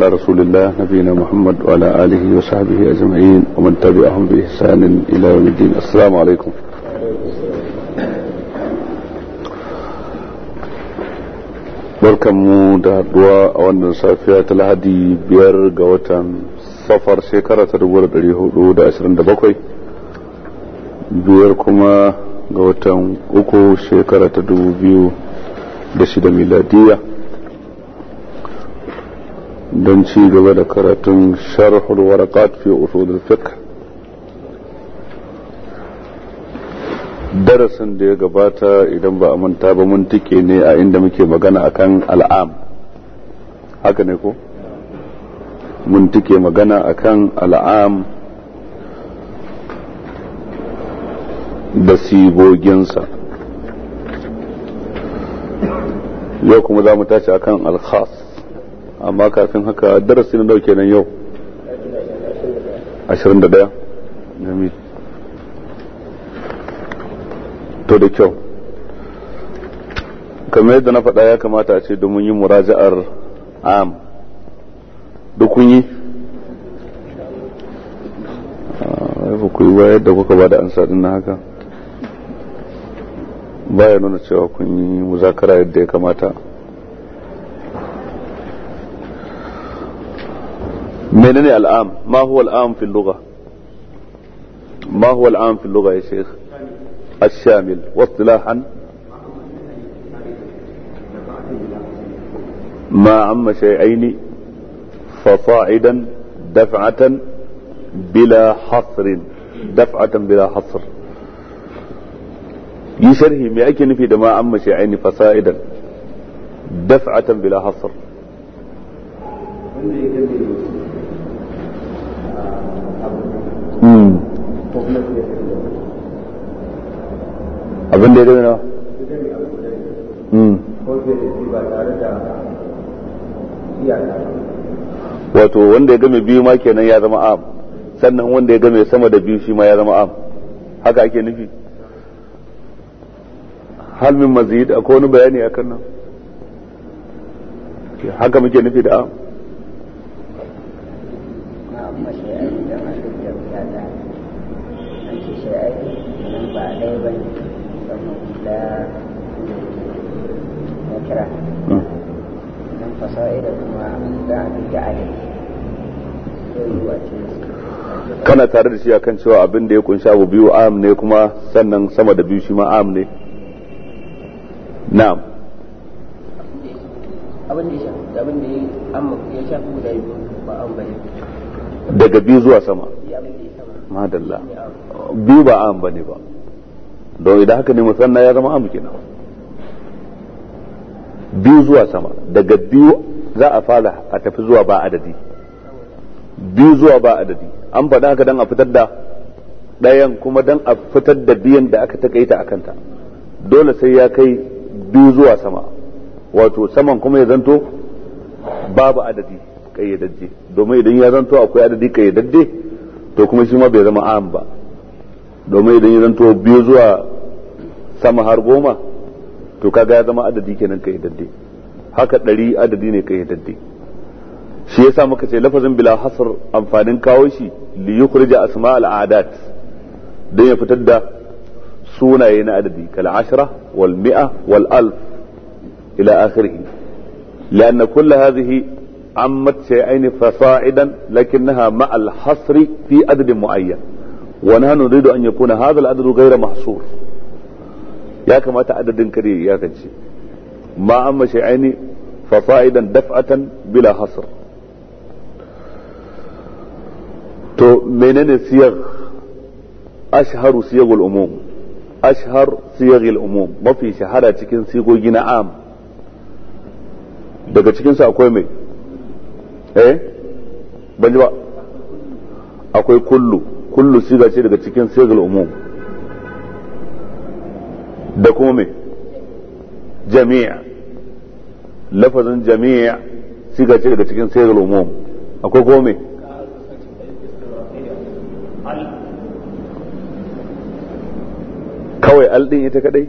على رسول الله نبينا محمد وعلى آله وصحبه أجمعين ومن تبعهم بإحسان إلى يوم الدين السلام عليكم barkanmu da haduwa a wannan safiya ta lahadi biyar ga watan safar shekara ta dubu da dari hudu da ashirin da bakwai biyar kuma ga watan uku shekara ta dubu biyu da shida miladiyya don ci gaba da karatun sharhul waraqat fi al fiqh darasin da ya gabata idan ba a manta ba mun tike ne a inda muke magana akan al'am haka ne ko mun tike magana akan al'am da siboginsa yau kuma za mu tashi akan al-khas amma kafin haka darasi na dauke nan yau 21 to da kyau kamar yadda na faɗa ya kamata a ce domin yi muraja'ar am duk kun yi ah, ba ku yi ba yadda kuka ba da ansa din na haka baya nuna cewa kun yi muzakara yadda ya kamata منين العام ما هو العام في اللغة ما هو العام في اللغة يا شيخ الشامل واصطلاحا ما عم شيئين فصاعدا دفعة بلا حصر دفعة بلا حصر يشره sharhi في ake عم شيئين فصاعدا دفعة بلا حصر Hmm. abin da ya hmm. wato wanda ya game biyu ma kenan ya zama am sannan wanda ya game sama da biyu shi ma ya zama am haka ake nufi hal min mazid akwai wani bayani kan nan haka muke nufi da am kana tare da shi a kan cewa abin da ya kunsha abu biyu am ne kuma sannan sama da biyu shi ma am ne na'am biyu ba am daga biyu zuwa sama madalla biyu ba am ba don idan haka ne musamman ya zama am kenan biyu zuwa sama daga biyu za a fara a tafi zuwa ba adadi biyu zuwa ba adadi an faɗa haka don a fitar da ɗayan kuma don a fitar da biyan da aka takaita a kanta dole sai ya kai biyu zuwa sama wato saman kuma ya zanto babu adadi kayyadajje domin idan ya zanto akwai adadi kayyadajje to kuma shi ma bai zama am ba domin idan ya zanto biyu zuwa sama har goma to kaga ya zama adadi kenan kayyadajje haka ɗari adadi ne kayyadadde shi yasa muka ce lafazin bila hasar amfanin kawo shi li yukhrija asma al adat dan ya fitar da sunaye na adadi kal ashra wal mi'a wal alf ila akhirih لأن كل هذه عمت شيئين فصاعدا لكنها fi adadin mu'ayyan wani معين ونحن an أن يكون هذا العدد غير محصور ya kamata adadin kare ya kance ma أما shay'aini fa دفعة daf'atan bila hasr to menene siyar ashharu الأموم أشهر ashhar الأموم ما mafi shahara cikin سيغو na am daga cikin su akwai mai eh akwai kullu kullu siga ce daga cikin siyagul umum da kuma mai jami'a lafazin jami'a siga ce daga cikin sayar umum akwai gome kawai al din ita kadai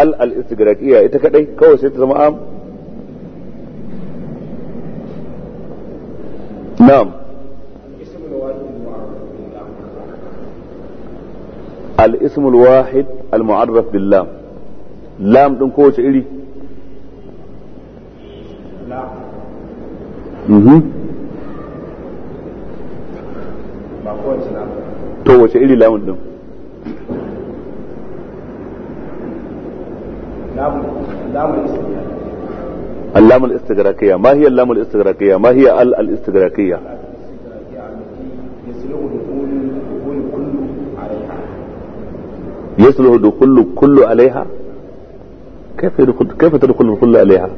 al al istigraqiyya ita kadai kawai sai ta zama am na'am al ismul wahid al mu'arraf bil lam lam din kowace iri Mhm. to wace اللام الاستغراقية ما هي اللام الاستغراقية ما هي ال الاستغراقية يسلو دخول كل عليها كيف يدخل كيف تدخل الكل عليها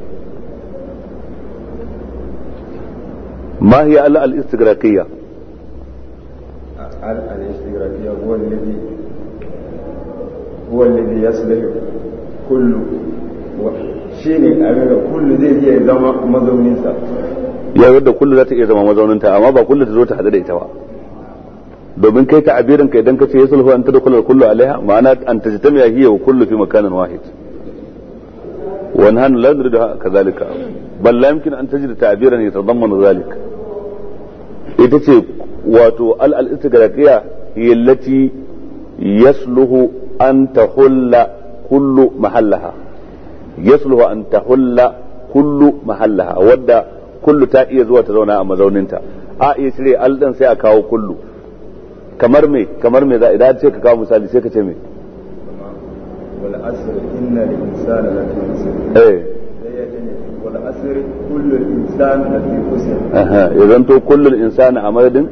ما هي الآلة الاستغراقية الآلة الاستغراقية هو الذي هو الذي يصلح كل shine abin da kullu zai iya zama mazauninsa ya da kullu za ta iya zama mazauninta amma ba kullu ta zo hadu da ita ba domin kai ta ka idan ka ce yasulhu an tada kullu kullu alaiha ma'ana an tajtamiya hiya wa kullu fi makanin wahid wa nahnu la nuridu kadhalika bal la yumkin an tajid ta'biran yatadammanu dhalika ita ce wato al'al istigraqiya yallati yasluhu an tahulla kullu mahallaha yasluhu an tahulla kullu mahallaha wadda kullu ta iya zuwa ta zauna a mazauninta a iya cire aldan sai a kawo kullu kamar me kamar me za idan ce ka kawo misali sai ka ce me wal asr innal insana lafi ya zanto kullul insan a madadin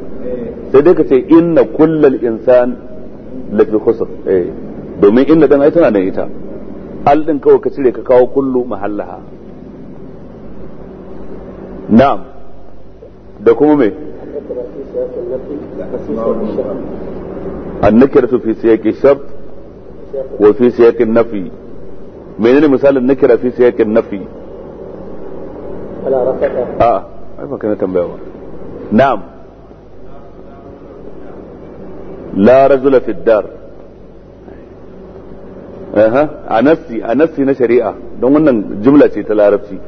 sai dai ka ce inna kullul insan lafi khusr domin inna dan ai tana da ita al din kawai ka cire ka kawo kullu mahallaha na'am da kuma me su fi siyaqi shart wa fi siyaqi nafi menene misalin nakira fi siyaqi nafi a ai baka na tambaya ba na'am la rajula fi dar aha a nafsi na shari'a don wannan jumla ce ta larabci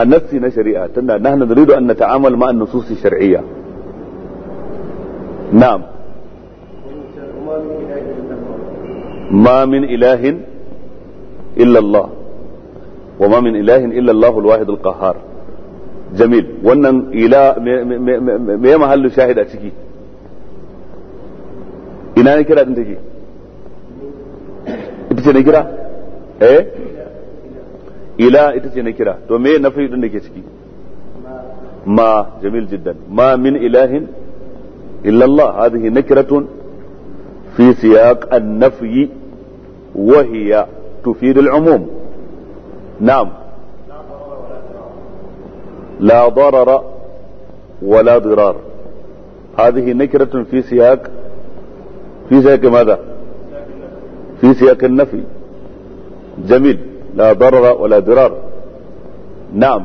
Anasi na shari'a tunda nahnu nuridu an nata'amal ma'an nusus shar'iyya na'am ma min ilahin illa Allah wa ma min ilahin illa Allah al-wahid al-qahhar jamil wannan ila me ya mahallu shahid ciki ina ne kira din ita ce na kira eh? ila ita ce na kira to me nafi ciki ما جميل جدا ما من إله إلا الله هذه نكرة في سياق النفي وهي تفيد العموم نعم لا ضرر ولا ضرار هذه نكرة في سياق في سياق ماذا في سياق النفي جميل لا ضرر ولا ضرار نعم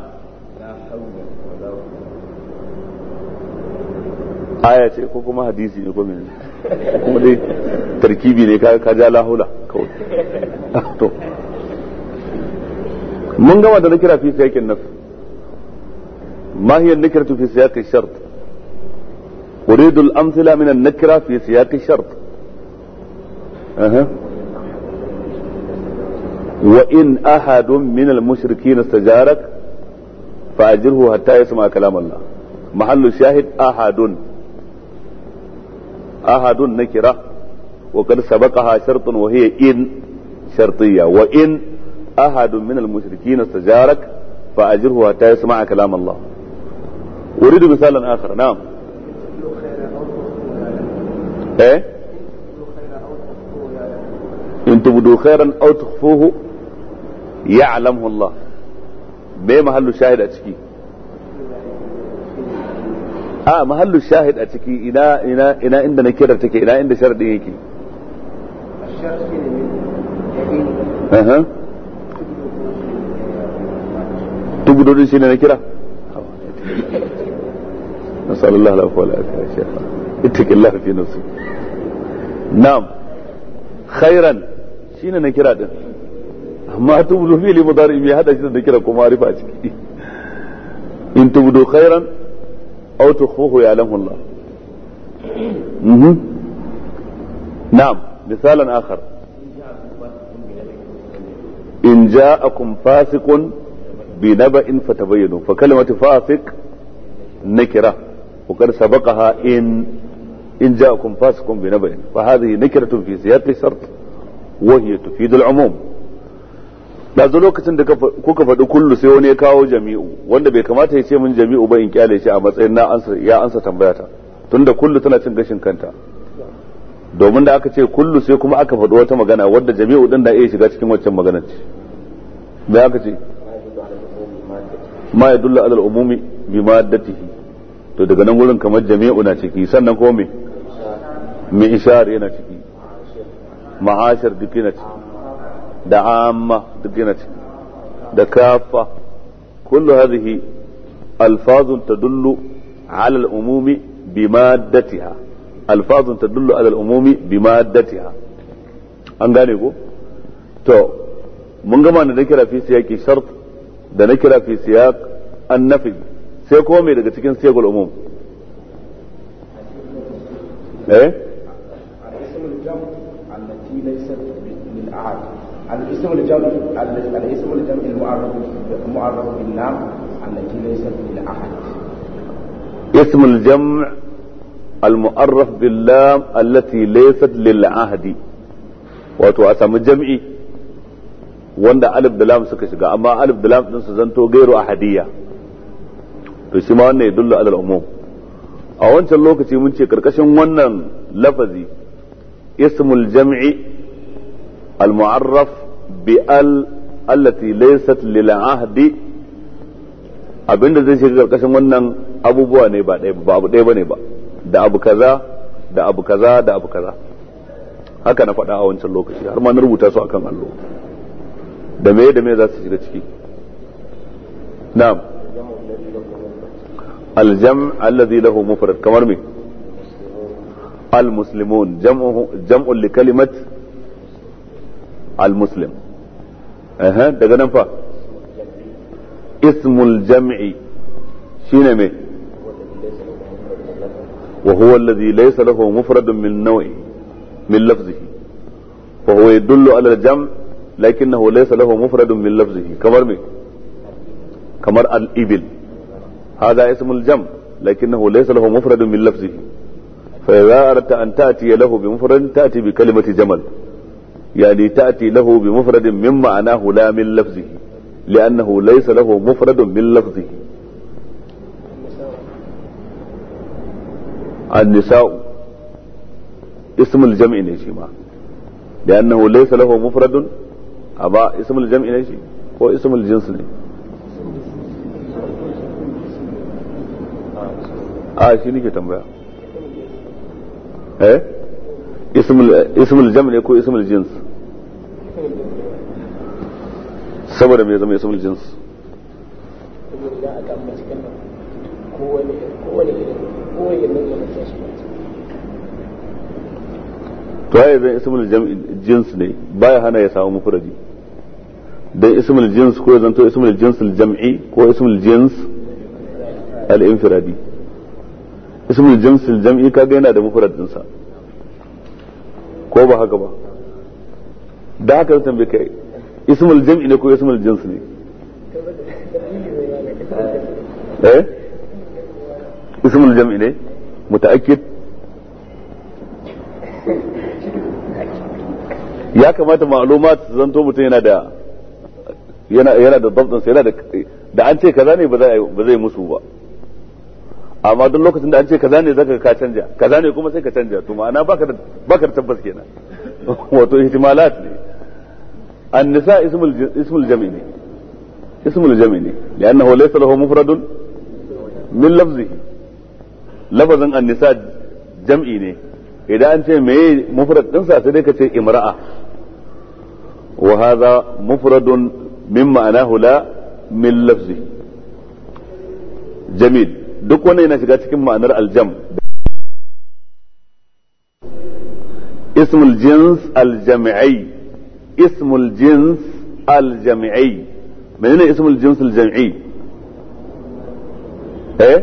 آية ce ko kuma hadisi ne ko تركيبي kuma dai tarkibi ne من قوى النكرة في سياق النفس ما هي النكرة في سياق الشرط أريد الأمثلة من النكرة في سياق الشرط أه. وإن أحد من المشركين استجارك فأجره حتى يسمع كلام الله محل الشاهد أحد أحد نكرة وقد سبقها شرط وهي إن شرطية وإن ahadun min al-mushrikin istajarak fa ajirhu hatta yasma'a أريد مثالا آخر نعم إيه إن تبدوا خيرا أو تخفوه يعلمه الله me mahallu shahid a ciki a mahallu shahid a ciki ina ina ina inda na kirar take ina inda sharadin yake uh -huh. duk in tubdu khairan aw tukhuhu ya lahu Allah mhm na'am misalan akhar بنبأ فتبينوا فكلمة فاسق نكرة وقد سبقها إن إن جاءكم فاسق بنبأ فهذه نكرة في سياق الشرط وهي تفيد العموم da zo lokacin da kuka faɗi kullu sai wani ya kawo jami'u wanda bai kamata ya ce min jami'u ba in kyale shi a matsayin na ansa ya ansa tambayata tunda kullu tana cin gashin kanta domin da aka ce kullu sai kuma aka faɗi wata magana wadda jami'u din da iya shiga cikin waccan magana ce da aka ce ma ya dulla alal umumi bi maddatihi to daga nan wurin kamar jami'u na ciki sannan ko me me ishar yana ciki ma'ashar duk yana ciki da amma duk yana ciki da kafa kullu hadhihi alfazun tadullu ala al-umumi bi maddatiha alfazun tadullu ala al-umumi bi maddatiha an gane ko to mun gama da kira fi yake shart da na kira fi siyaq nafi sai ko me daga cikin siyaqul umum eh الاسم الجمع الاسم الجمع المعرف المعرف بالنام التي ليست لأحد اسم الجمع المؤرف باللام التي ليست للعهد وتو اسم samu wanda alif da lam suka shiga amma alif da lam din su zanto gairu ahadiyya to shi ma wannan ya dullu alal umum a wancan lokaci mun ce karkashin wannan lafazi ismul jam'i al mu'arraf bi al allati laysat lil ahdi abinda zai shiga karkashin wannan abubuwa ne ba ɗaya ba abu ɗaya bane ba da abu kaza da abu kaza da abu kaza haka na faɗa a wancan lokaci har ma na rubuta su akan allo da me za su shiga ciki na'am aljam allazi lahu mufrad kamar me almuslimun jam'u jam'u li kalimat almuslim daga nan fa ismul jam'i shine me وهو الذي ليس له مفرد من نوع من لفظه فهو يدل على الجمع لكنه ليس له مفرد من لفظه كمر مي كمر الإبل هذا اسم الجمع لكنه ليس له مفرد من لفظه فإذا أردت أن تأتي له بمفرد تأتي بكلمة جمل يعني تأتي له بمفرد من معناه لا من لفظه لأنه ليس له مفرد من لفظه النساء اسم الجمع نجيما لأنه ليس له مفرد a ba ismul jam'i ne shi ko ismul jins ne a shi nake tambaya eh ismul jam'i ne ko ismul jins saboda me zama ismul jins to ya zai ismul jins ne baya hana ya samu mufradi dan ismul jins ko zanto ismul jins jam'i ko ismul jins al-infiradi ismul jins jam'i kaga yana da mufradin sa ko ba haka ba da haka tambaye kai ismul jam'i ne ko ismul jins ne eh ismul jam'i ne mutaakkid ya kamata ma'lumat zanto mutum yana da yana yana da dabdin sai yana da da an ce kaza ne ba zai musu ba amma duk lokacin da an ce kaza ne zaka ka canja kaza ne kuma sai ka canja to ma'ana baka baka da tabbas kenan wato ihtimalat ne an-nisa ismul ismul jam'i ne ismul jam'i ne li'annahu laysa lahu mufradun min lafzihi lafazin an-nisa jam'i ne idan an ce meye mufrad din sa sai dai ka ce imra'a wa hadha mufradun min ma'anahu la min lafzi jamil duk wannan yana shiga cikin ma'anar aljam ismul jins aljami'i ismul jins aljami'i menene ismul jins aljami'i eh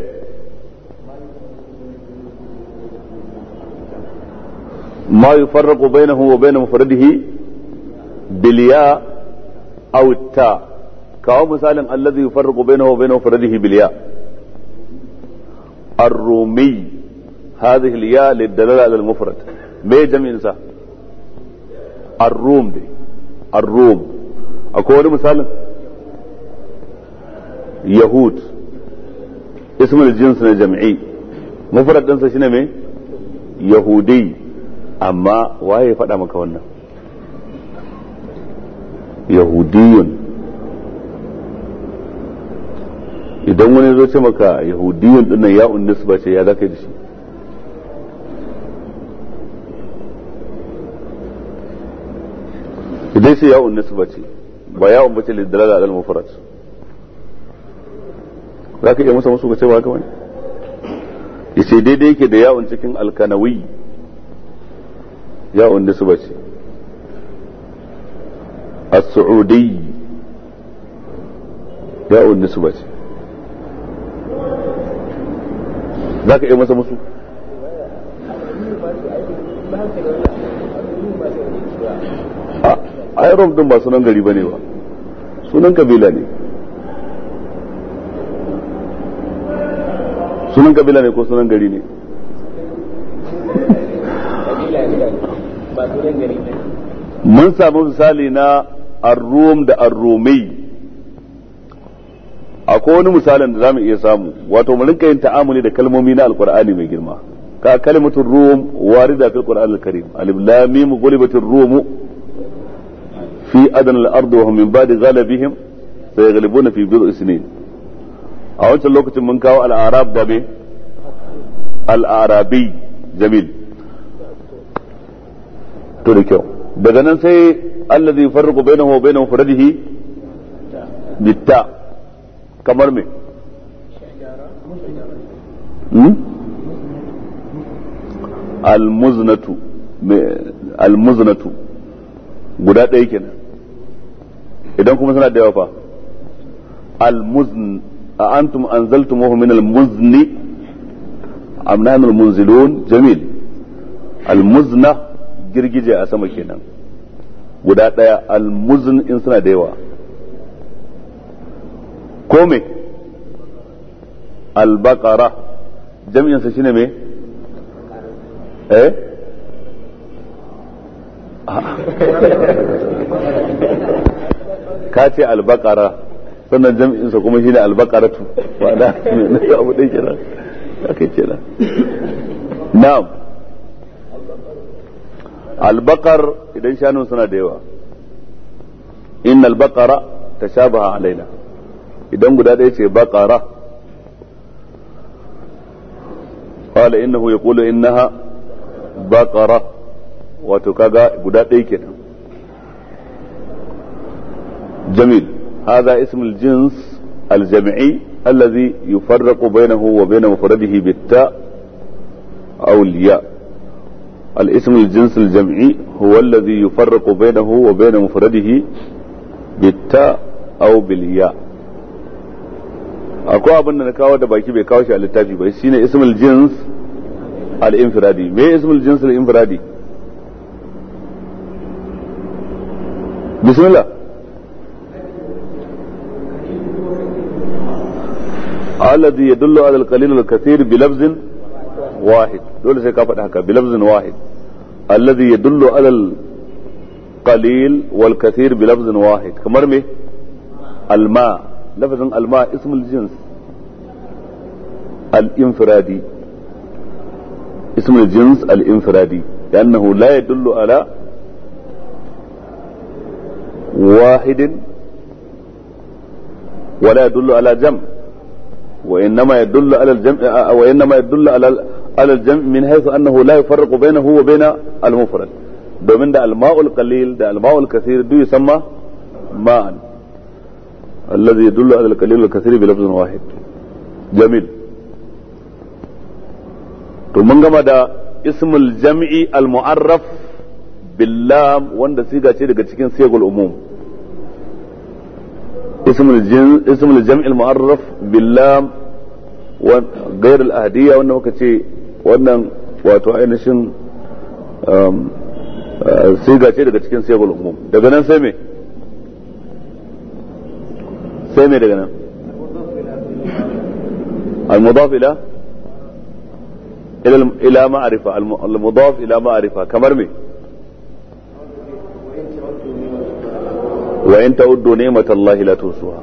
ما يفرق بينه وبين مفرده بالياء aw ta kawo misalin allazi yufarriqu bainahu wa bainahu faradihi bil ya ar-rumi ya mufrad me jami'in sa ar-rum akwai wani misalin yahud ismul jins na jam'i mufrad shine me amma faɗa maka wannan yahudiyun idan wani zo ce maka yahudiyun dinnan ya unnis ba ce ya za ka da shi idan shi ya unnis ba ce ba ya unnis ce lidalala alal mufarat za ka iya masa masu ka ce ba haka wani ya ce daidai yake da yawon cikin alkanawi yawon ba ce as-su'udi ya'un nisba ce za ka iya masa musu a rom din ba sunan gari ba ne ba sunan kabila ne sunan kabila ne ko sunan gari ne mun samu misali na ar-rum da ar-rumi akwai wani misalin da zamu iya samu wato mu rinka yin ta'amuli da kalmomi na alqur'ani mai girma ka kalimatul rum warida fil qur'an al-karim alif lam mim ghulibatir fi adan al-ard wa hum min ba'di ghalabihim sayaghlibuna fi bid'i sinin a wancan lokacin mun kawo al-arab da jamil to da kyau daga nan sai allazi yufarriqu bainahu wa bainahu faradihi bitta kamar me hmm? almuznatu almuznatu guda ɗaya kenan idan kuma suna da yawa fa almuzn a antum anzaltumuhu min almuzni am nahnu almunzilun jamil almuzna girgije a sama kenan guda ɗaya almuzin in suna da yawa ko me albaqara jami'insa shine me eh ka ce albaqara sannan jami'insa kuma shine albaqaratu ba da abu ɗaya kenan haka kenan na'am البقر اذا شانو سنا ديوا ان البقرة تشابه علينا اذا غدا دا يتي بقرة قال انه يقول انها بقرة وتكذا غدا دي جميل هذا اسم الجنس الجمعي الذي يفرق بينه وبين مفرده بالتاء او الياء الاسم الجنس الجمعي هو الذي يفرق بينه وبين مفرده بالتاء او بالياء اكو ابن نكا ودا باكي بي كاوشا للتافي باي سينا اسم الجنس الانفرادي ما اسم الجنس الانفرادي بسم الله الذي يدل على القليل والكثير بلفظ واحد دول سي كفد هكا بلفظ واحد الذي يدل على القليل والكثير بلفظ واحد كمرمي الماء لفظ الماء اسم الجنس الانفرادي اسم الجنس الانفرادي لأنه لا يدل على واحد ولا يدل على جمع وإنما يدل على الجمع وإنما يدل على ala al-jam' min haythu annahu la yufarriqu bainahu wa bain al-mufrad domin da al-ma'ul da al-ma'ul kathir duk ma'an alladhi yadullu to mun gama da ismul wanda siga ce daga cikin sigul umum اسم الجن اسم الجمع المعرف باللام وغير كتي wannan wato ainihin siga ce daga cikin sigul umum daga nan sai me sai me daga nan المضاف إلى إلى إلى معرفة المضاف إلى معرفة كمرمي وإن تعدوا نعمة الله لا تنسوها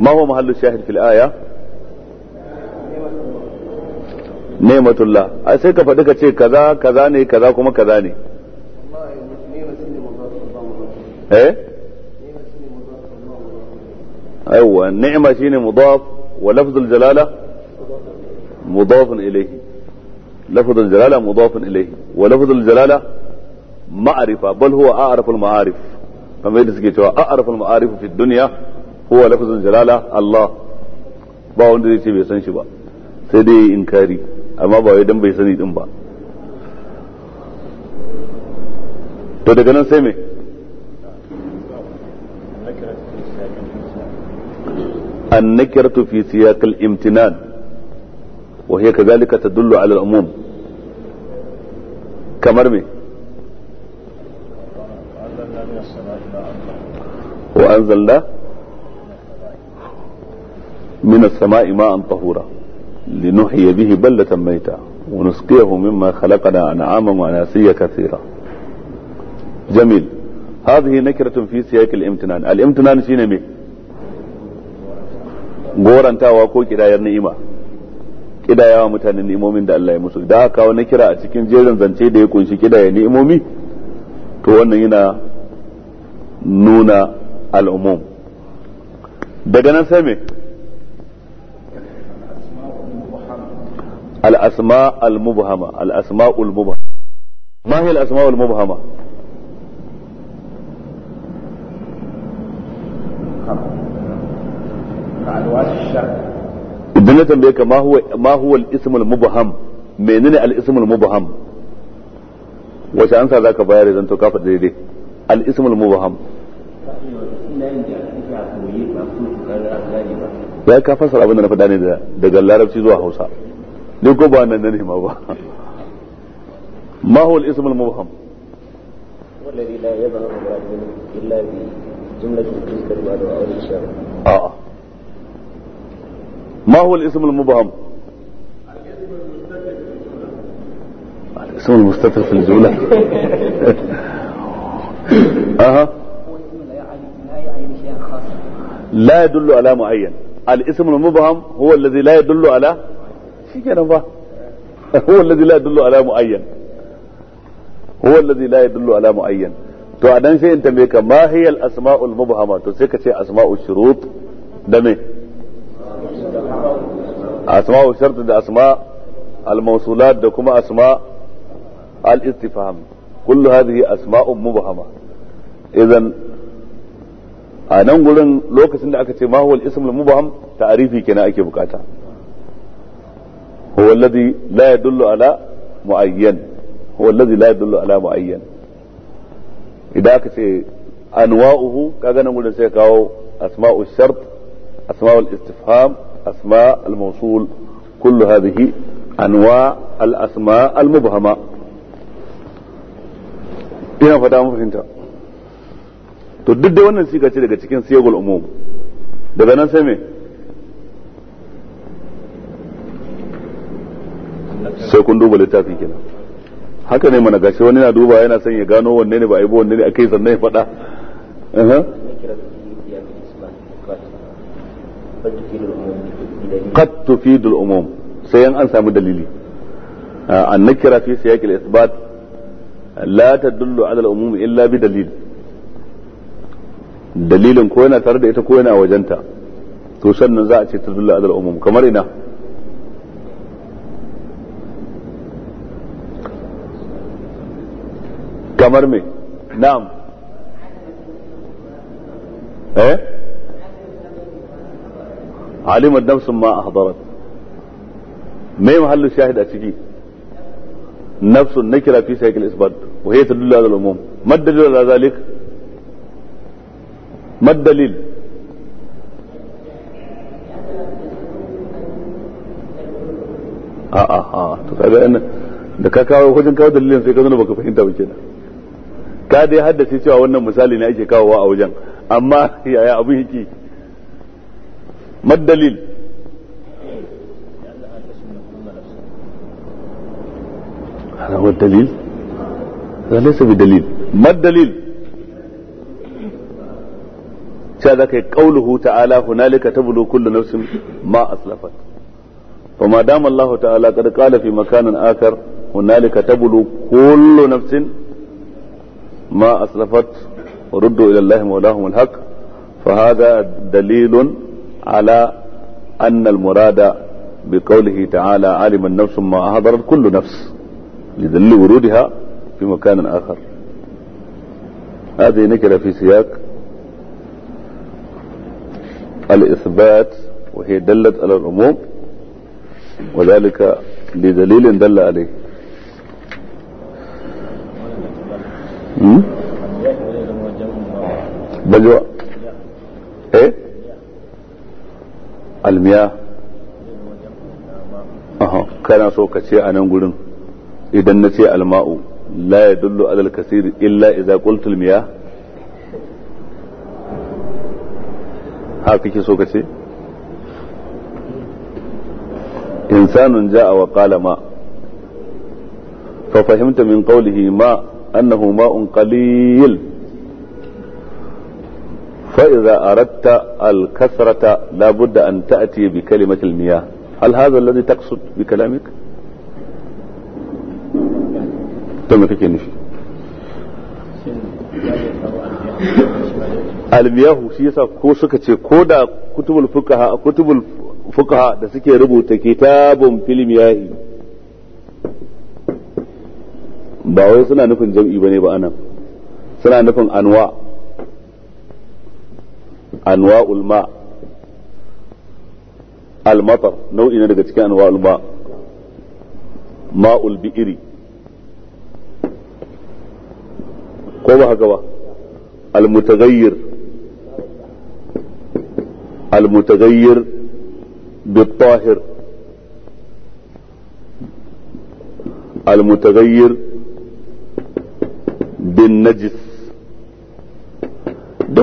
ما هو محل الشاهد في الآية؟ ni'matullah ai sai ka faɗi ka ce kaza kaza ne kaza kuma kaza ne eh aiwa ni'ma shine mudaf wa lafzul jalala mudaf ilayhi lafzul jalala mudaf ilayhi wa lafzul jalala ma'rifa bal huwa a'raful ma'arif kamar yadda suke cewa a'raful ma'arif fi dunya huwa lafzul jalala Allah ba wanda zai ce bai san shi ba sai dai inkari amma ba wai bai sani din ba to daga nan sai me an nakartu fi siyaqal imtinan wa hiya kadhalika tadullu ala kamar me wa anzalna min as-sama'i ma'an tahura لنحيي به بلة ميتة ونسقيه مما خلقنا أنعاما وأناسيا كثيرا جميل هذه نكرة في سياق الامتنان الامتنان شنو مي gorantawa ko kidayar ni'ima kidayawa mutanen ni'imomin da Allah ya musu da aka kawo kira a cikin jerin zance da ya kunshi kidaya ni'imomi to wannan yana nuna al'umum daga nan sai me الأسماء المبهمة الأسماء المبهمة ما هي الأسماء المبهمة ابن تنبيك ما هو ما هو الاسم المبهم منين الاسم المبهم وش انسى ذاك باير اذا انت كافر دي, دي الاسم المبهم يا كافر صار ابن نفداني ده ده قال لا رب تيزو هوسا ni ko ما nan ما هو الاسم المبهم؟ هو الذي لا يظهر المراد الا بجمله تلك المعنى او الاشاره. اه ما هو الاسم المبهم؟ الاسم المستتر في الجملة اها لا يدل على معين الاسم المبهم هو الذي لا يدل على shikenan ba huwa allazi la yadullu ala muayyan huwa allazi la yadullu ala muayyan to a dan sai in tambaye ka ma hiya al asma'ul mubhama to da me da asma' al mawsulat da kuma lokacin da aka ce mubham ta'rifi kenan ake bukata هو الذي لا يدل على معين هو الذي لا يدل على معين idan aka ce كذا نقول nan gudun sai kawo asma'u shart asma'ul istifham asma al kullu anwa mubhama ina fata mun fahimta to duk da wannan sika ce daga cikin siyagul umum daga nan sai me sai kun duba littafin kenan haka ne mana gashi wani na duba yana son ya gano wanne ne ba a yi ba wanne ne akai sannan ya faɗa qad tufidu al-umum sai an samu dalili an annakira fi siyaq al-isbat la tadullu ala al-umum illa bi dalil dalilin ko yana tare da ita ko yana wajenta to sannan za a ce tadullu ala al-umum kamar ina کمر میں نام عالم الدم سما حضرت میں محل شاہد اچھی نفس النکرہ فی سیکل اس بات وہی تدل اللہ العموم مد دلیل اللہ ذالک مد دلیل آہ آہ تو سایدہ ان دکا کاؤ خوشن کاؤ دلیل ان سے کدنو بکا فہنتا بچینا ka dai haddace cewa wannan misali ne ake kawo a wajen amma yaya abin yake maddalil dalil zane su dalil maddalil cewa za ka yi ƙauluhu ta'ala hunalika ta bulu kullu nafsin ma aslafat فما دام الله تعالى قد قال في مكان آخر هنالك تبلو كل nafsin. ما أسلفت وردوا إلى الله مولاهم الحق فهذا دليل على أن المراد بقوله تعالى علم النفس ما أحضرت كل نفس لذل ورودها في مكان آخر هذه نكرة في سياق الإثبات وهي دلت على العموم وذلك لدليل دل عليه بل ايه المياه aha kana so ka ce a nan gurin idan na ce alma'u la ya dullu so ka ce insanun ja'a wa qala ma fahimta min qawlihi ma ma'un qalil فإذا أردت الكثرة لا بد أن تأتي بكلمة المياه هل هذا الذي تقصد بكلامك؟ تم كيف نفي almiyahu shi yasa ko كودا كتب ko كتب kutubul fuqaha kutubul fuqaha da suke rubuta ba wai suna nufin jam'i bane ba anan suna nufin anwa أنواع الماء المطر نوع إن لقد أنواع الماء ماء البئر كوبا هكذا المتغير المتغير بالطاهر المتغير بالنجس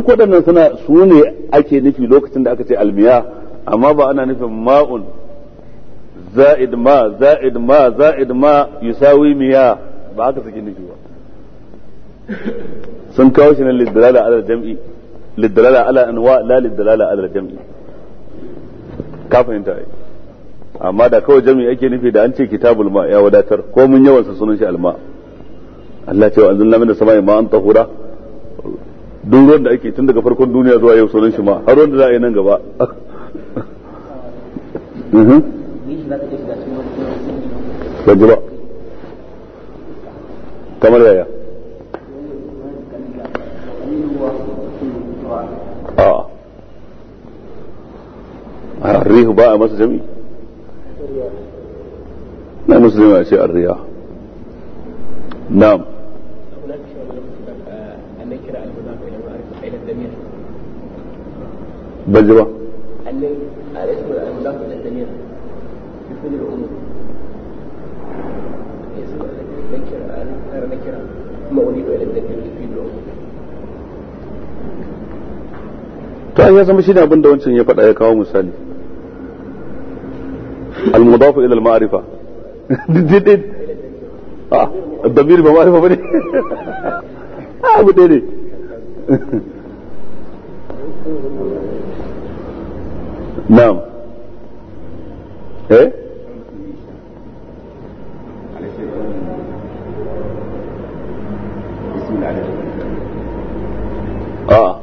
duk waɗannan suna su ne ake nufi lokacin da aka ce almiya amma ba ana nufin ma'un za'id ma za'id ma za'id ma yusawi miya ba haka suke nufi ba sun kawo shi na lidalala ala jam'i lidalala ala anwa la lidalala ala jam'i ka fahimta ai amma da kawai jam'i ake nufi da an ce kitabul ma ya wadatar ko mun yawan sa sunan shi alma Allah ce wa anzalna minas sama'i ma'an tahura duk ruwan da ake tun daga farkon duniya zuwa yau sauran shi ma har ruwan da za a yi nan gaba mhm. kamar yaya a rihu ba a masa jami na musulmi a ce a riya na'am بالجواب الاسم المضاف الى الضمير يفيد العموم اسم نكره غير نكره مؤلف الى الضمير يفيد العموم to an ya zama shi ne abin da wancan ya faɗa ya kawo misali al-mudafu ila al-ma'rifa didid ah damir ba ma'rifa bane abu ɗaya ne na'am eh a ah,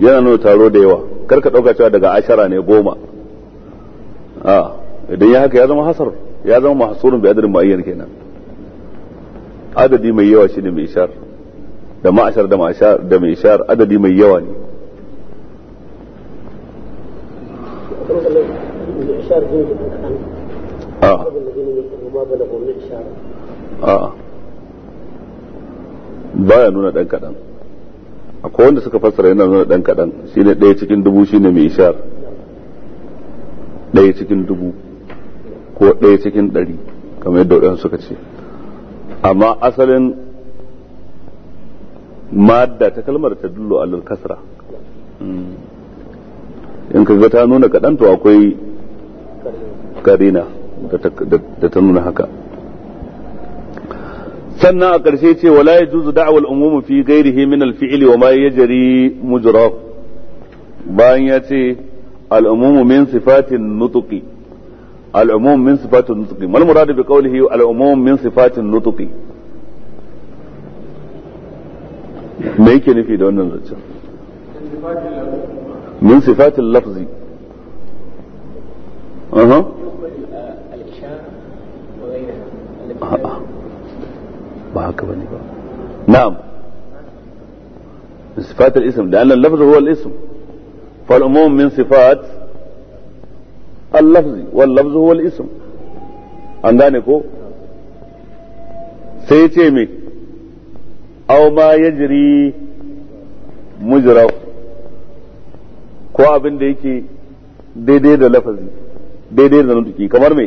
yana nuna taro da yawa karka ɗauka cewa daga ashara ne goma a ah, idan ya haka ya zama hasar ya zama mahasurin bai adadin ma'ayyar kenan adadi mai yawa shi ne mai shar da ma'ashar da mai shar adadi mai yawa ne a'a baya nuna dan kadan akwai wanda suka fassara yana nuna dan kadan ne ɗaya cikin dubu shi ne mai ishar ɗaya cikin dubu ko ɗaya cikin ɗari kamar yadda waɗansu suka ce amma asalin madda ta kalmar ta dullo a kasra in ka ga ta nuna kaɗan to akwai karina da ta nuna haka sannan a ƙarshe ce wala yajuzu da'wal umum fi ghairihi min al-fi'l wa ma yajri mujra bayan ya ce al-umum min sifatin nutqi al-umum min sifatin nutqi mal murad bi qawlihi al-umum min sifatin nutqi me yake nufi da wannan zancen min sifatin lafzi أها ba haka bane ba na'am صفات الاسم لأن umum min sifat al-lafzi wal lafzu huwa al-ism an gane ko sai ce me aw ma ya jiri ko abin da yake daidai da lafazi daidai da nutuki kamar me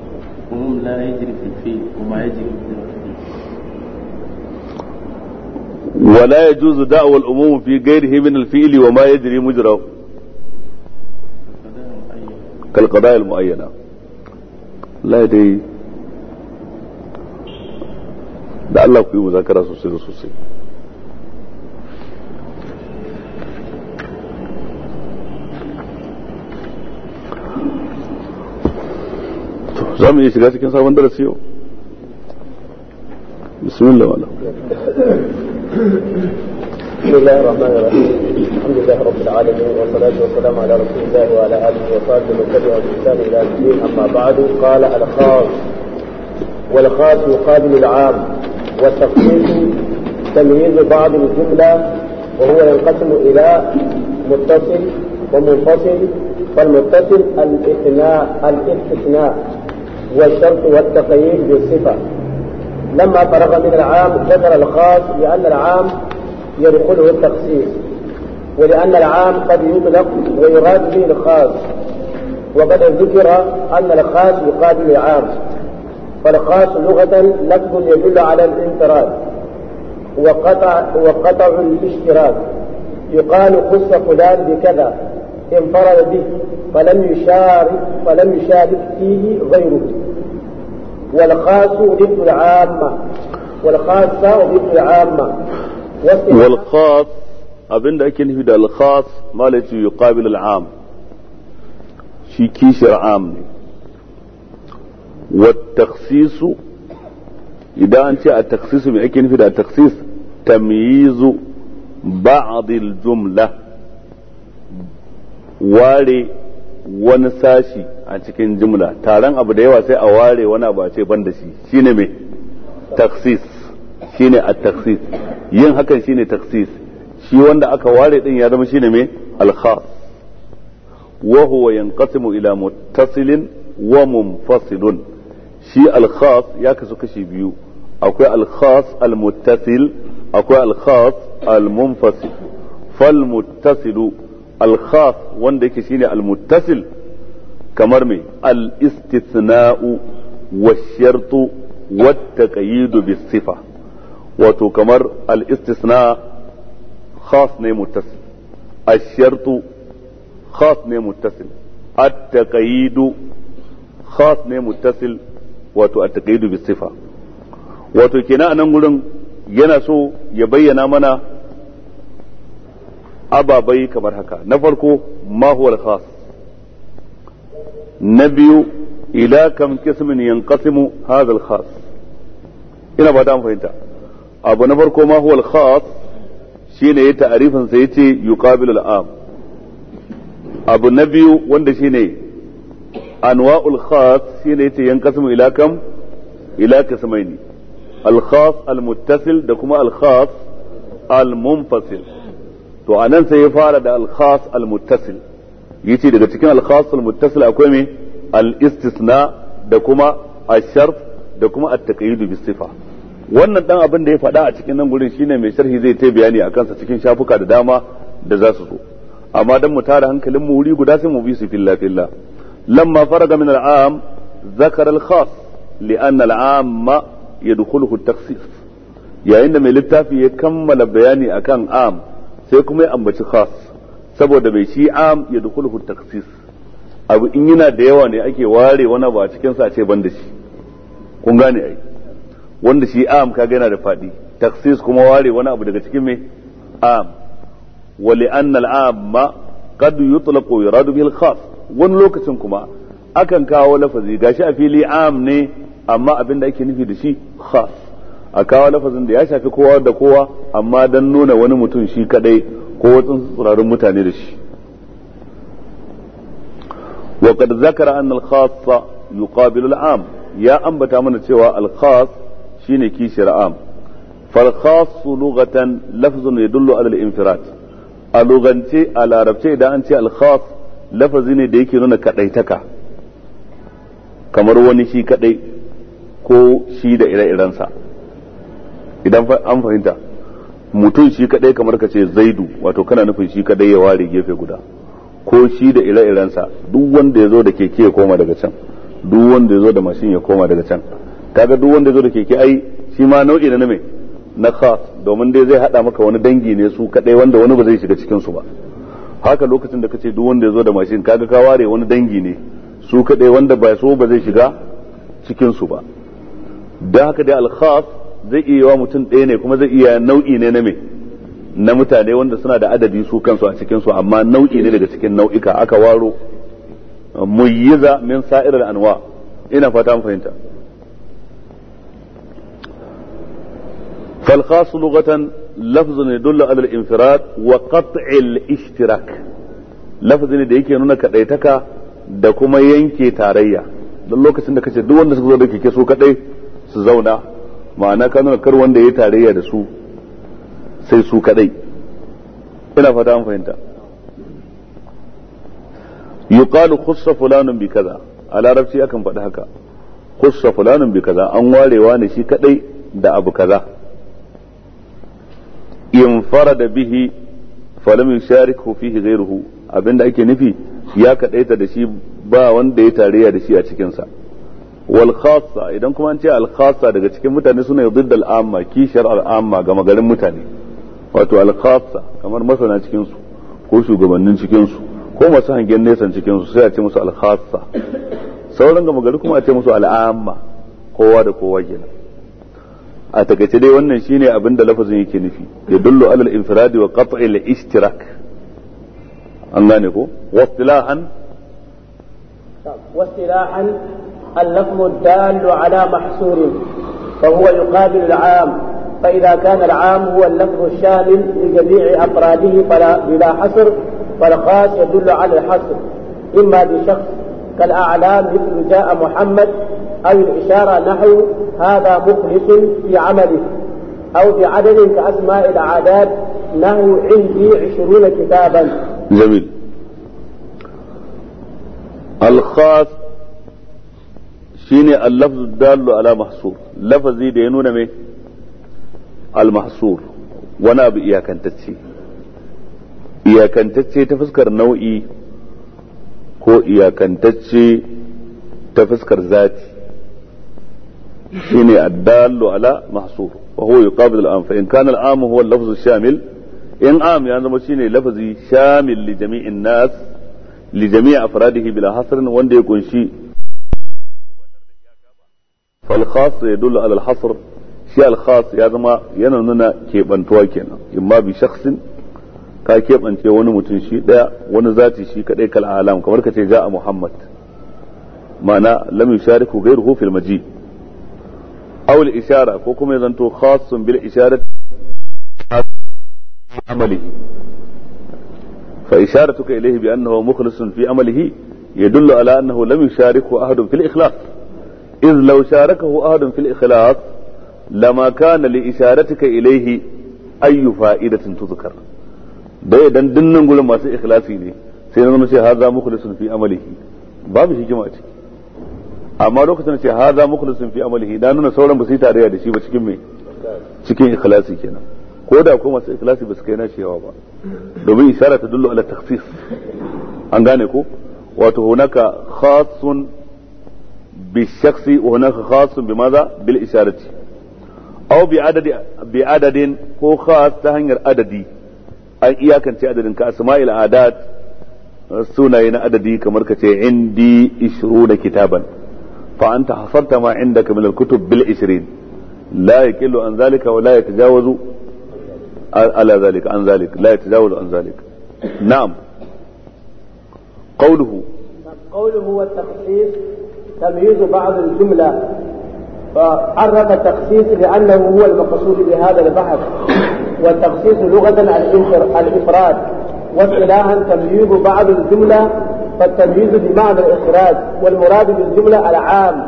وهم لا يجري في الفيل وما يجري في الفيل ولا يجوز دعوى الأموم في غيره من الفيل وما يجري مجره كالقضايا المؤينة لا يدري لعله في مذاكرة سوسي سوسي za mu iya shiga cikin sabon darasi yau bismillah بسم الله الرحمن الرحيم الحمد لله رب العالمين والصلاة والسلام على رسول الله وعلى آله وصحبه ومن تبعه بإحسان إلى الدين أما بعد قال الخاص والخاص يقابل العام والتخصيص تمييز بعض الجملة وهو ينقسم إلى متصل ومنفصل فالمتصل الاثناء الاستثناء والشرط والتقييد بالصفة لما فرغ من العام ذكر الخاص لأن العام يدخله التخصيص ولأن العام قد يطلق ويراد به الخاص وقد ذكر أن الخاص يقابل العام فالخاص لغة لفظ يدل على الانفراد وقطع وقطع الاشتراك يقال خص فلان بكذا انفرد به فلم يشارك فلم يشارك فيه غيره والخاص ابن العامة والخاص ابن العامة والخاص أبن لكن في الخاص ما الذي يقابل العام شي كيش العام والتخصيص إذا أنت التخصيص من في التخصيص تمييز بعض الجملة واري wani sashi a cikin jumla taron abu da yawa sai a ware wani abu a ce ban da shi shine mai taxis shine a taxis yin hakan shine taxis shi wanda aka ware din ya zama shine mai alkhas wa huwa yanqasimu ila muttasilin wa munfasilun shi alkhas ya kasu kashi biyu akwai alkhas almuttasil akwai alkhas almunfasil falmuttasilu alkhas wanda yake shine almuttasil kamar mai al-istithna'u wa shartu wa taqayidu sifa wato kamar al-istithna khas ne muttasil ash-shartu khas ne muttasil at-taqayidu khas ne muttasil sifa wato kenan anan gurin yana so ya bayyana mana ababai kamar haka na farko ma huwa khas na biyu ila kam qismin yanqasimu hadha al-khas ina ba da fahimta abu na farko ma huwa al-khas shine ya ta'arifin sa yace yuqabilu al-am abu na biyu wanda shine anwa'ul khas shine yace yanqasimu ila kam ila qismaini al-khas al-muttasil da kuma al-khas al-munfasil to nan sai ya fara da al-khas yace daga cikin al-khas akwai me alistisna da kuma asharf da kuma at-taqyid bi sifa wannan dan abin da ya faɗa a cikin nan gurin shine mai sharhi zai ta bayani a kansa cikin shafuka da dama da za su zo amma dan mu tara hankalin mu wuri guda sai mu bi su filla filla lamma faraga min al-am ذكر الخاص لأن العام يدخله التخصيص yayin da mai littafi ya kammala bayani akan am sai kuma ya ambaci khas saboda bai shi am ya dukulhu taksis abu in yana da yawa ne ake ware wani ba cikin sa ce ban shi kun gane ai wanda shi am kaga yana da fadi taksis kuma ware wani abu daga cikin me am wa anna al-amma qad yutlaqu yuradu bil khas wani lokacin kuma akan kawo lafazi gashi a fili am ne amma abin da ake nufi da shi khas a kawo lafazin da ya shafi kowa da kowa amma dan nuna wani mutum shi kadai ko wasu tsirarin mutane da shi wa qad zakara anna al-khassa yuqabilu am ya ambata mana cewa al-khass shine kishir am fal lugatan lughatan da ya dullo al infirat a lugance a larabce idan an ce al lafazi ne da yake nuna taka kamar wani shi kadai ko shi da ire-irensa idan an fahimta mutum shi kadai kamar ka ce zaidu wato kana nufin shi kadai ya ware gefe guda ko shi da ire-irensa duk wanda ya zo da keke ya koma daga can duk wanda ya zo da mashin ya koma daga can kaga duk wanda ya zo da keke ai shi ma nau'i na mai na khas domin dai zai hada maka wani dangi ne su kadai wanda wani ba zai shiga cikin su ba haka lokacin da kace duk wanda ya zo da mashin kaga ka ware wani dangi ne su kadai wanda ba so ba zai shiga cikin su ba da haka dai al-khas zai iya wa mutum ɗaya ne kuma zai iya nau'i ne na me na mutane wanda suna da adadi su kansu a cikin su amma nau'i ne daga cikin nau'ika aka waro muyyiza min sa'irar anwa ina fata mun fahimta فالخاص لغة لفظ يدل على wa وقطع الاشتراك ishtirak ne da yake nuna kadaitaka da kuma yanke tarayya don lokacin da kace duk wanda suka zo da keke su kadai su zauna ma'ana ka nuna kar wanda ya tarayya da su sai su kadai ina fata an fahimta yuqalu khussa fulanun bi kaza a larabci akan faɗi haka khussa fulanun bi kaza an warewa ne shi kadai da abu kaza in farada bihi falam yusharikhu fihi ghayruhu abinda ake nufi ya kadaita da shi ba wanda ya tarayya da shi a cikinsa wal idan kuma an ce al daga cikin mutane suna yudidd al amma kishar al amma ga magarin mutane wato al khassa kamar masana cikin ko shugabannin cikin ko masu hangen nesa cikin su sai a ce musu al sauran ga magari kuma a ce musu al amma kowa da kowa gina a takaice dai wannan shine abin da lafazin yake nufi yadullu alal infiradi wa qat'i al ishtirak an gane ko wasilahan اللفظ الدال على محصور فهو يقابل العام فإذا كان العام هو اللفظ الشامل لجميع أفراده فلا بلا حصر فالخاص يدل على الحصر إما بشخص كالأعلام مثل جاء محمد أو الإشارة نحو هذا مخلص في عمله أو بعدد كأسماء العادات نحو عندي عشرون كتابا جميل الخاص shine al dallu ala mahsur lafazi da ya nuna mai al-mahsur wani abu iyakantacce iyakantacce ta fuskar nau'i ko iyakantacce ta fuskar zati shine ad-dallu ala mahsur wa huwa yuqabil al fa in kana al-am huwa al-lafzu shamil in am ya zama shine lafazi shamil li jami'in nas li jami'i afradihi bila hasrin wanda ya kunshi فالخاص يدل على الحصر shi alkhas ya zama yana nuna keɓantuwa kenan imma bi shakhsin ka keɓance wani mutum shi ɗaya wani zati shi kaɗai kal alam kamar ka ce ja'a muhammad ma'ana lam yushariku ghayruhu fil maji aw al ishara ko kuma zanto khassun bil isharati amalihi fa isharatuka ilayhi bi annahu mukhlisun fi amalihi yadullu ala annahu lam fil ikhlas إذ لو شاركه أحد في الإخلاص لما كان لإشارتك إليه أي فائدة تذكر bai dan dinnan gurin masu ikhlasi ne sai na ce haza mukhlisun fi amalihi babu shi jima ciki amma lokacin ce haza mukhlisun fi amalihi da nuna sauran ba su yi tarayya da shi ba cikin me cikin ikhlasi kenan ko da ko masu ikhlasi ba kai na cewa ba domin isharar ta dullu ala an gane ko wato hunaka khasun بالشخص وهناك خاص بماذا بالإشارة أو بعدد بعدد هو خاص تهنير عددي أي إياك أنت عدد كأسماء الأعداد هنا عددي كمركة عندي إشرون كتابا فأنت حصلت ما عندك من الكتب بالإشرين لا يكل عن ذلك ولا يتجاوز على ذلك عن ذلك لا يتجاوز عن ذلك نعم قوله قوله والتخصيص تمييز بعض الجملة فعرف التخصيص لأنه هو المقصود بهذا البحث والتخصيص لغة الإفراد واصطلاحا تمييز بعض الجملة فالتمييز بمعنى الإخراج والمراد بالجملة العام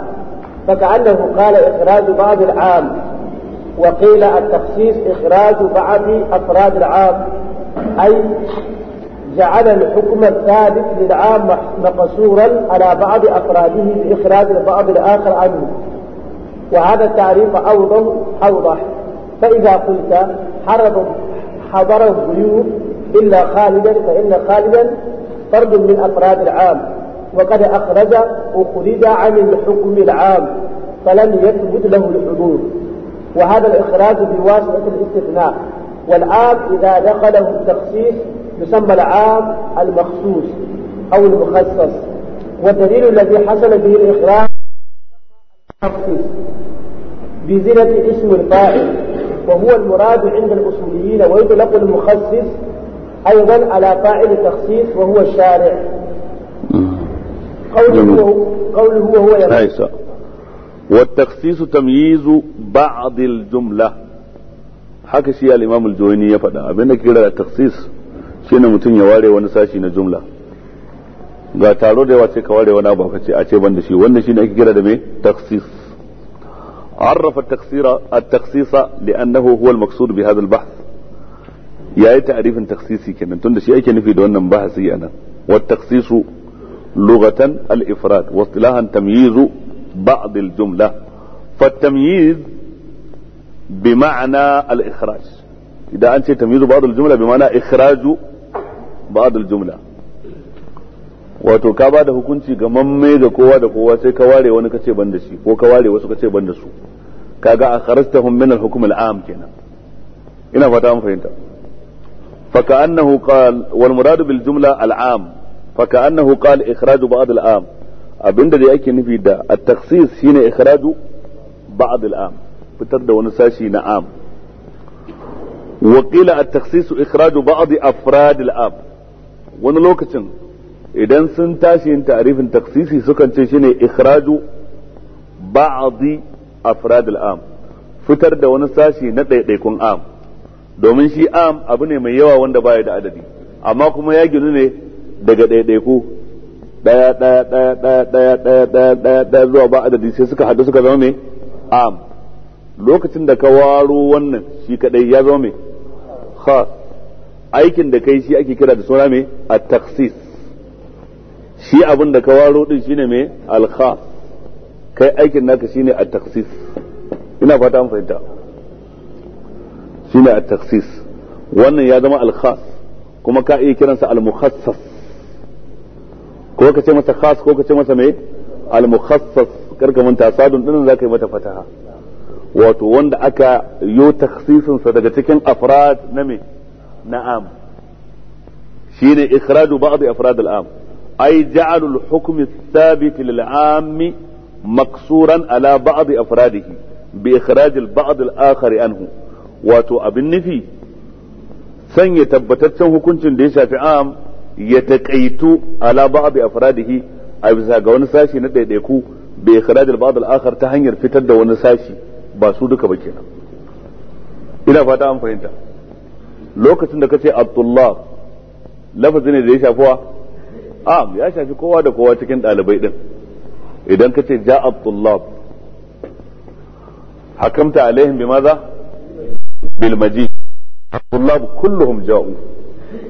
فكأنه قال إخراج بعض العام وقيل التخصيص إخراج بعض أفراد العام أي جعل الحكم الثابت للعام مقصورا على بعض أفراده بإخراج البعض الآخر عنه وهذا التعريف أوضح, أوضح فإذا قلت حرب حضر الضيوف إلا خالدا فإن خالدا فرد من أفراد العام وقد أخرج أخرج عن الحكم العام فلم يثبت له الحضور وهذا الإخراج بواسطة الاستثناء والعام إذا دخله التخصيص يسمى العام المخصوص أو المخصص والدليل الذي حصل به الإخراج المخصص بزنة اسم الفاعل وهو المراد عند الأصوليين ويطلق المخصص أيضا على فاعل التخصيص وهو الشارع قوله قوله وهو يميز والتخصيص تمييز بعض الجملة حكي shi الامام الجويني al-juwayni التخصيص ne mutum ya ware wani sashi na jumla ga taro da yawa ce ka ware wani abu ka ce a ce ban shi wannan ake kira da mai taksis عرف التقصير التخصيص لأنه هو المقصود بهذا البحث يا تعريف تخصيصي كنا تند شيء كان في دون بحثي أنا والتخصيص لغة الإفراد واصطلاحا تمييز بعض الجملة فالتمييز بمعنى الإخراج إذا أنت تمييز بعض الجملة بمعنى إخراج ba'd al wato ka ba da hukunci ga mamme ga kowa da kowa sai ka ware wani kace ban da shi ko ka ware wasu kace ban da su kaga a kharajtahum min al-hukm al-am kenan ina fata an fahimta fa ka'annahu qal wal murad bil jumla al-am fa ka'annahu qal ikhraj ba'd al-am abinda da ake nufi da at-takhsis shine ikhraju ba'd al-am fitar da wani sashi na am وقيل التخصيص إخراج بعض أفراد الأب wani lokacin idan sun tashi yin ta'arifin taksisi sukan ce shine ikhraju ba'dhi afrad al-am fitar da wani sashi na ɗaiɗaikun am domin shi am abu ne mai yawa wanda baya da adadi amma kuma ya ginu ne daga ɗaiɗaiku ɗaya ɗaya ɗaya ɗaya ɗaya ɗaya ɗaya ɗaya ɗaya zuwa ba adadi sai suka haɗu suka zama mai am lokacin da ka waro wannan shi kaɗai ya zama mai khas aikin da kai shi ake kira da suna mai a taksis shi abin da ka waro din shine mai al kai aikin naka shine a taksis ina fata an fahimta shine a taksis wannan ya zama al kuma ka iya kiransa al-mukhassas ko ka ce masa khas ko ka ce masa mai al-mukhassas karka manta sadun din ka yi mata fataha wato wanda aka yi taksisinsa daga cikin afrad na mai na'am shine ikhraju ba'd afrad al'am ay ja'alu al-hukm ath-thabit lil-'am maksuran ala ba'd afradihi bi ikhraj al-ba'd al-akhar anhu wato abin nufi sanya tabbataccen hukuncin da ya shafi am ya taƙaitu ala ba'd afradihi a bisa ga wani sashi na ɗaiɗaiku bai ikhraj al-ba'd al-akhar ta hanyar fitar da wani sashi ba su duka ba kenan ina fata an fahimta lokacin da kace at-tullab lafazi ne da ya shafi wa ya shafi kowa da kowa cikin ɗalibai din idan kace ja at-tullab hakamta alaihim bimaza bil majid at-tullab kulluhum ja'u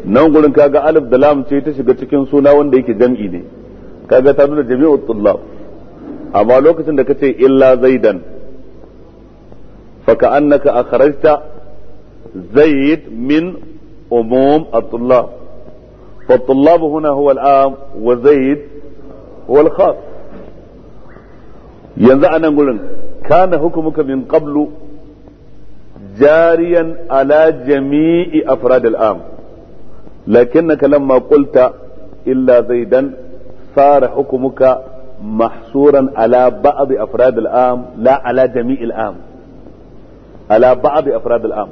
nan gurin kaga alif da lam ce ta shiga cikin suna wanda yake jam'i ne kaga ta nuna jami'ut tullab amma lokacin da kace illa zaidan fa ka'annaka akhrajta زيد من أموم الطلاب فالطلاب هنا هو العام وزيد هو الخاص ينزع أن نقول كان حكمك من قبل جاريا على جميع أفراد العام لكنك لما قلت إلا زيدا صار حكمك محصورا على بعض أفراد العام لا على جميع العام على بعض أفراد العام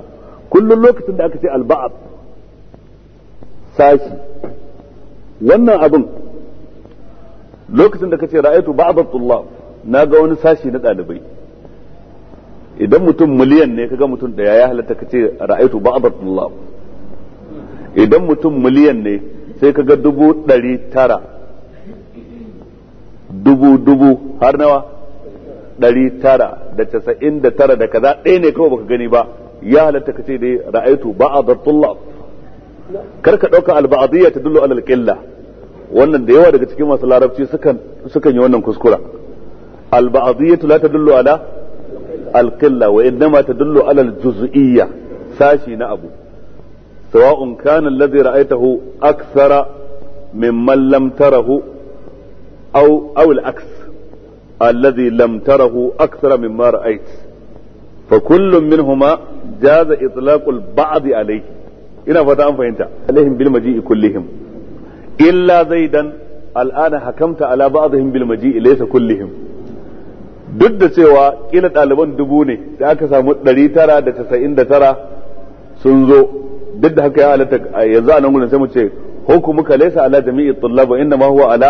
kullum lokacin da aka ce alba'ad sashi wannan abin lokacin da kace ra'aytu ba'datullah na ga wani sashi na ɗalibai. idan mutum miliyan ne kaga mutum ɗaya ya halatta ka kace ra'aytu ba'datullah idan mutum miliyan ne sai kaga dubu ɗari tara dubu dubu har nawa ɗari tara da casa'in da tara da kaza ɗaya ne kawai baka gani ba يا لتك سيدي رأيت بعض الطلاب كرك دوكا البعضية تدل على القلة وان ديوة دي تكيما صلى الله سكن سكن يوانن كسكولا البعضية لا تدل على القلة وإنما تدل على الجزئية ساشي نأبو سواء كان الذي رأيته أكثر ممن لم تره أو أو العكس الذي لم تره أكثر مما رأيت fa kullum minhuma jaza itlaqul ba'd alayhi ina fata an fahimta alaihim bil maji'i kullihim illa zaidan al'ana hakamta ala ba'dihim bil maji'i laysa kullihim duk da cewa kila ɗaliban dubu ne sai aka samu 999 sun zo duk da haka ya halatta yanzu anan nan gudun sai mu ce hukumuka laysa ala jami'i tullab inna ma huwa ala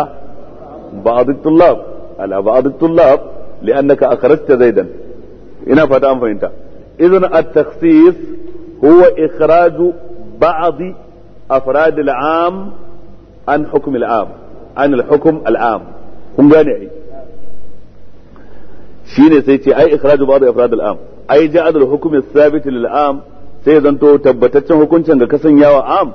ba'd tullab ala ba'd tullab li'annaka akhrajta zaidan ina fata an fahimta idan at-takhsis huwa ikhraju ba'd afrad al-am an hukm al-am an al-hukm al-am kun gane ai shine sai ce ai ikhraju ba'd afrad al-am ai ja'ad al-hukm ath-thabit lil-am sai zanto tabbataccen hukuncin ga kasanyawa am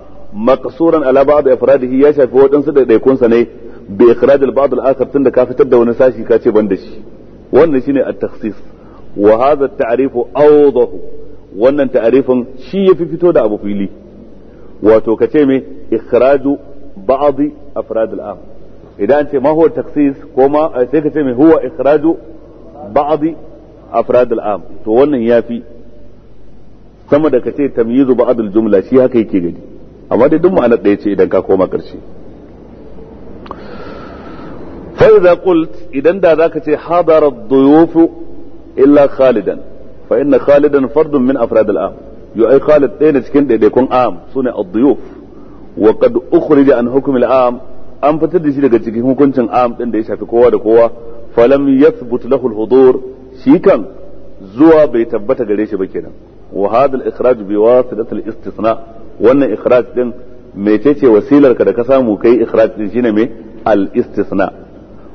maqsuran ala ba'd afradihi ya shafi wadansu daidaikunsa ne bi ikhraj al-ba'd al-akhar tunda ka fitar da wani sashi ka ce ban da shi wannan shine at-takhsis wa hadha ta'rifu awdahu wannan ta'rifin shi yafi fito da abu fili wato kace me ikhraju ba'd afrad al-am idan ce ma taksis ko ma eh, sai kace me huwa ikhraju ba'd afrad al to wannan yafi sama da kace tamyizu ba'd al-jumla shi haka yake gani amma dai duk ma'anar ɗaya ce idan ka koma ƙarshe fa idan da zaka ce hadara ad illa khalidan fa inna khalidan fardun min afrad al-am yu ai khalid ɗaya ne cikin ɗaiɗaikun am sune ad-duyuf wa qad ukhrija an hukm al-am an fitar da shi daga cikin hukuncin am din da ya shafi kowa da kowa falam yathbut lahu al-hudur shi kan zuwa bai tabbata gare shi ba kenan wa hadha al-ikhraj bi wasitat al-istithna wannan ikhraj din mecece wasilar ka da ka samu kai ikhraj din shine me al-istithna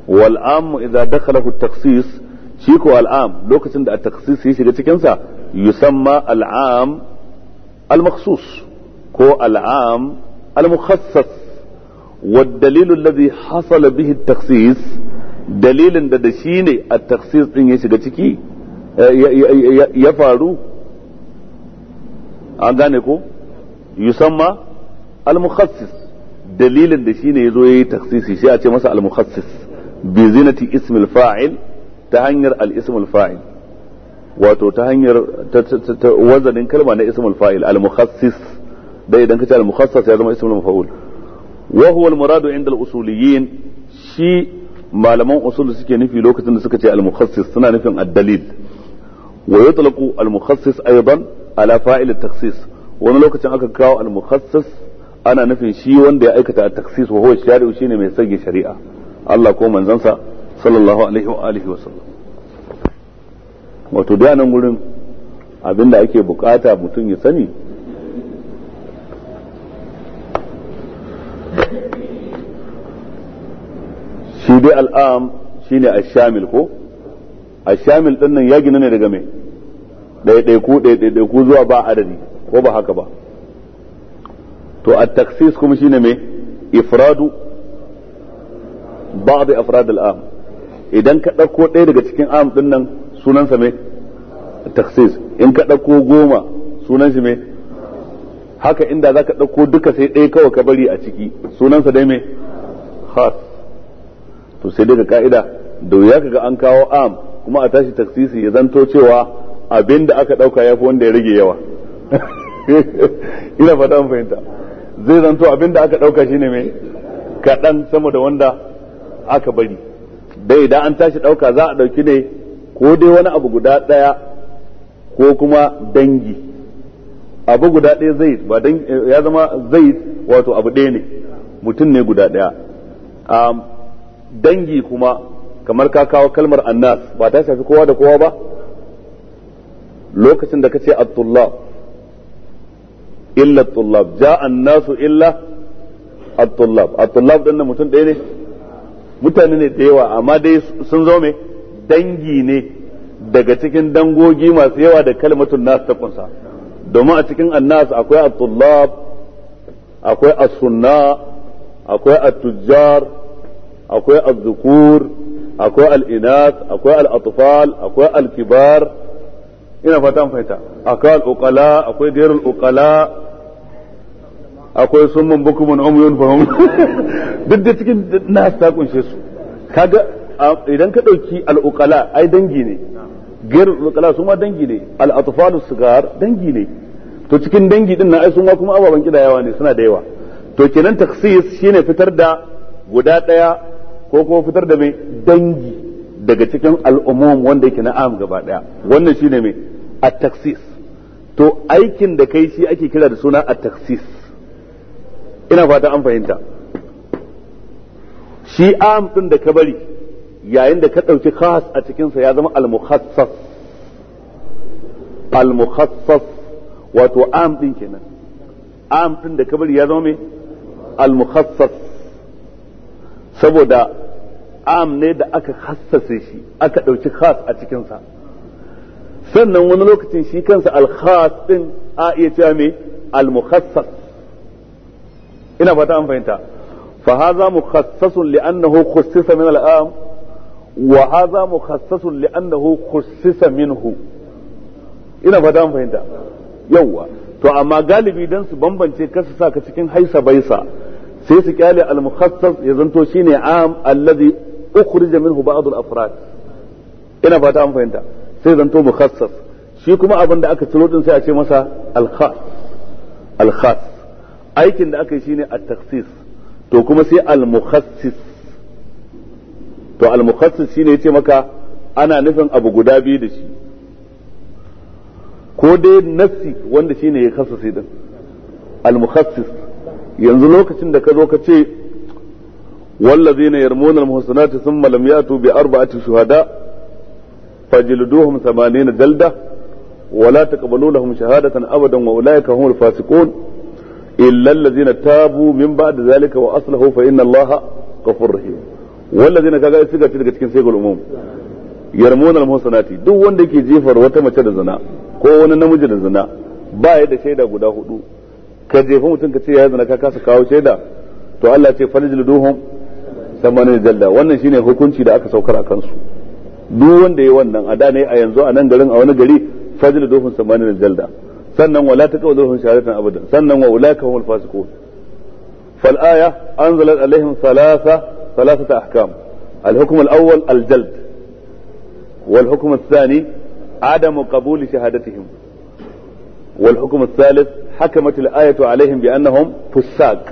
wal am idza dakhalahu at-takhsis shi ko al'am lokacin da at-takhsis ya shiga cikin sa yusamma al'am al-makhsus ko al'am al-mukhassas والدليل الذي حصل به التخصيص dalilin da da shi ne a taksis din ya shiga ciki ya faru an gane ko yusamma al-mukhassis dalilin da shi ne ya zo ya yi taksisi shi a ce masa al-mukhassis bi zinati ismil fa'il ta hanyar al fa'il wato ta hanyar wazanin kalma na ismul fa'il al-mukhassis da idan kace al-mukhassas ya zama ismul maf'ul wa al-muradu inda al-usuliyyin shi malaman usul suke nufi lokacin da suka ce al-mukhassis suna nufin ad-dalil wa yutlaqu al-mukhassis aidan ala fa'il at-takhsis wani lokacin aka kawo al-mukhassis ana nufin shi wanda ya aikata at-takhsis wa huwa shari'u shine mai sage shari'a Allah ko manzansa sallallahu alaihi wa alihi wa sallam wato da nan gurin abinda ake bukata mutum ya sani shi dai al'am shine ashamil ko ashamil din nan ya gina ne daga me ɗaiɗaiku ɗaiɗaiku zuwa ba adadi ko ba haka ba to a taksis kuma shine me ifradu ba'd afrad al'am idan ka ɗauko ɗaya daga cikin am ɗin nan sunansa mai taksis in ka ɗauko goma sunan shi mai haka inda za ka ɗauko duka sai ɗaya kawai ka bari a ciki sunansa dai mai khas to sai dai ka'ida da wuya ga an kawo am kuma a tashi taksisi ya zanto cewa abin da aka ɗauka ya fi wanda ya rage yawa ina fata an fahimta zai zanto abin da aka ɗauka shine mai kaɗan sama da wanda aka bari dai idan an tashi ɗauka za a ɗauki ne ko dai wani abu guda ɗaya ko kuma dangi abu guda ɗaya zai ba ya zama zai wato abu ɗaya ne mutum ne guda ɗaya dangi kuma kamar ka kawo kalmar annas ba ta shafi kowa da kowa ba lokacin da ka ce abdullah illa tullab ja annasu illa abdullah abdullah dan tullab mutum ɗaya ne mutane ne da yawa amma dai sun zo mai dangi ne daga cikin dangogi masu yawa da kalmatun nasu ta kunsa domin a cikin annas akwai atullab akwai asunna akwai atujjar akwai az akwai al'inat akwai al'atufal akwai alkibar ina fatan fahimta akwai al'ukala akwai gairul uqala akwai sun summun mun umyun hum duk da cikin na ta kunshe su kaga idan ka dauki al-uqala ai dangi ne gair al-uqala su ma dangi ne al-atfalu sigar dangi ne to cikin dangi din na ai sun ma kuma ababan kidayawa ne suna da yawa to kenan taksis shine fitar da guda daya ko kuma fitar da mai dangi daga cikin al'umum wanda yake na am gaba daya wannan shine mai at-taksis to aikin da kai shi ake kira da suna at-taksis ina fata an fahimta shi am din da ka bari yayin da ka ɗauki khas a cikinsa ya zama al-mukhassas al-mukhassas wato am din kenan am din da ka bari ya zama me al-mukhassas saboda am ne da aka khassase shi aka ɗauki khas a cikinsa sannan wani lokacin shi kansa al-khas din a iya cewa me al-mukhassas ina fata ta fahimta fa hadha mukhassasun li'annahu khussisa min al'am wa hadha mukhassasun li'annahu khussisa minhu ina fata an fahimta yawa to amma galibi dan su bambance kasu sa ka cikin haisa baisa sai su kyale al-mukhassas ya zanto shine am allazi ukhrija minhu ba'd al-afrad ina fata ta fahimta sai zanto mukhassas shi kuma abin da aka ciro din sai a ce masa al-khas al-khas aikin da aka yi shine a taksis to kuma sai al-mukhassis to al-mukhassis shine yace maka ana nufin abu guda biyu da shi ko dai nafsi wanda shine ya kasance din al-mukhassis yanzu lokacin da ka zo ka ce wallazina yarmuna al-muhsanati thumma lam yatu bi arba'ati shuhada fajliduhum 80 jalda ولا تقبلوا لهم شهادة أبدا وأولئك هم الفاسقون illa allazina tabu min ba'da zalika wa aslahu fa inna allaha ghafurur rahim wallazina kaga suka ci daga cikin sayyidul umum yarmuna al-muhsanati duk wanda yake jefar wata mace da zina ko wani namiji da zina ba ya da shaida guda hudu ka jefa mutum ka ce ya zina ka kasa kawo shaida to Allah ce falijil duhum jalla wannan shine hukunci da aka saukar a kansu duk wanda ya wannan a da ne a yanzu a nan garin a wani gari fajil duhum samanin jalla sannan wala taqawluhum shahadatan abadan sannan wa ulaika humul fasiqun fal aya anzalat alaihim thalatha thalathata ahkam الحكم الأول الجلد والحكم الثاني عدم قبول شهادتهم والحكم الثالث حكمت الآية عليهم بأنهم فساق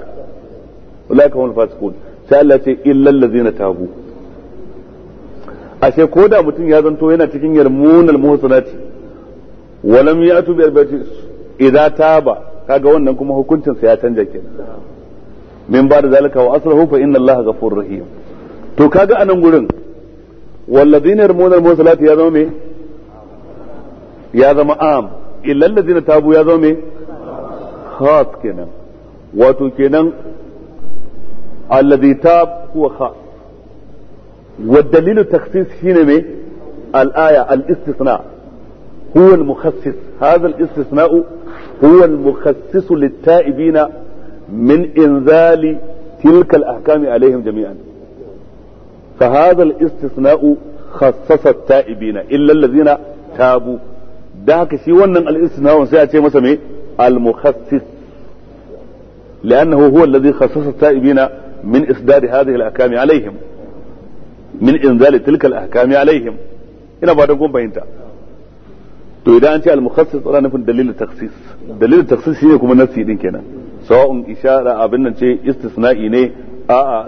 أولئك هم الفاسقون سألت إلا الذين تابوا ashe ko da mutum ya zanto yana cikin yarmun almuhsanati walam idza taba kaga wannan kuma hukuncin sa ya canja kenan min ba da zalika wa aslahu fa inna allaha ghafurur rahim to kaga anan gurin walladhina yarmuna al-mursalati ya zama me ya zama am illa alladhina tabu ya zama me khas kenan wato kenan alladhi tab huwa kha wa dalilu takhsis shine me al-aya al-istithna huwa al-mukhassis hadha al-istithna'u huwa al-mukhassisu lit-ta'ibina min inzali tilka al-ahkami alaihim jami'an fa hadha al-istisna'u khassasa at-ta'ibina illa allazina tabu da haka wannan al sai a ce masa me al لأنه هو الذي خصص التائبين من إصدار هذه الأحكام عليهم من إنزال تلك الأحكام عليهم إلى بعد قوم بينتا to idan an ce al-mukhassis ana nufin dalilin takhsis dalilin taksis shine kuma nassi din kenan sawa'un ishaara abin nan ce istisna'i ne a'a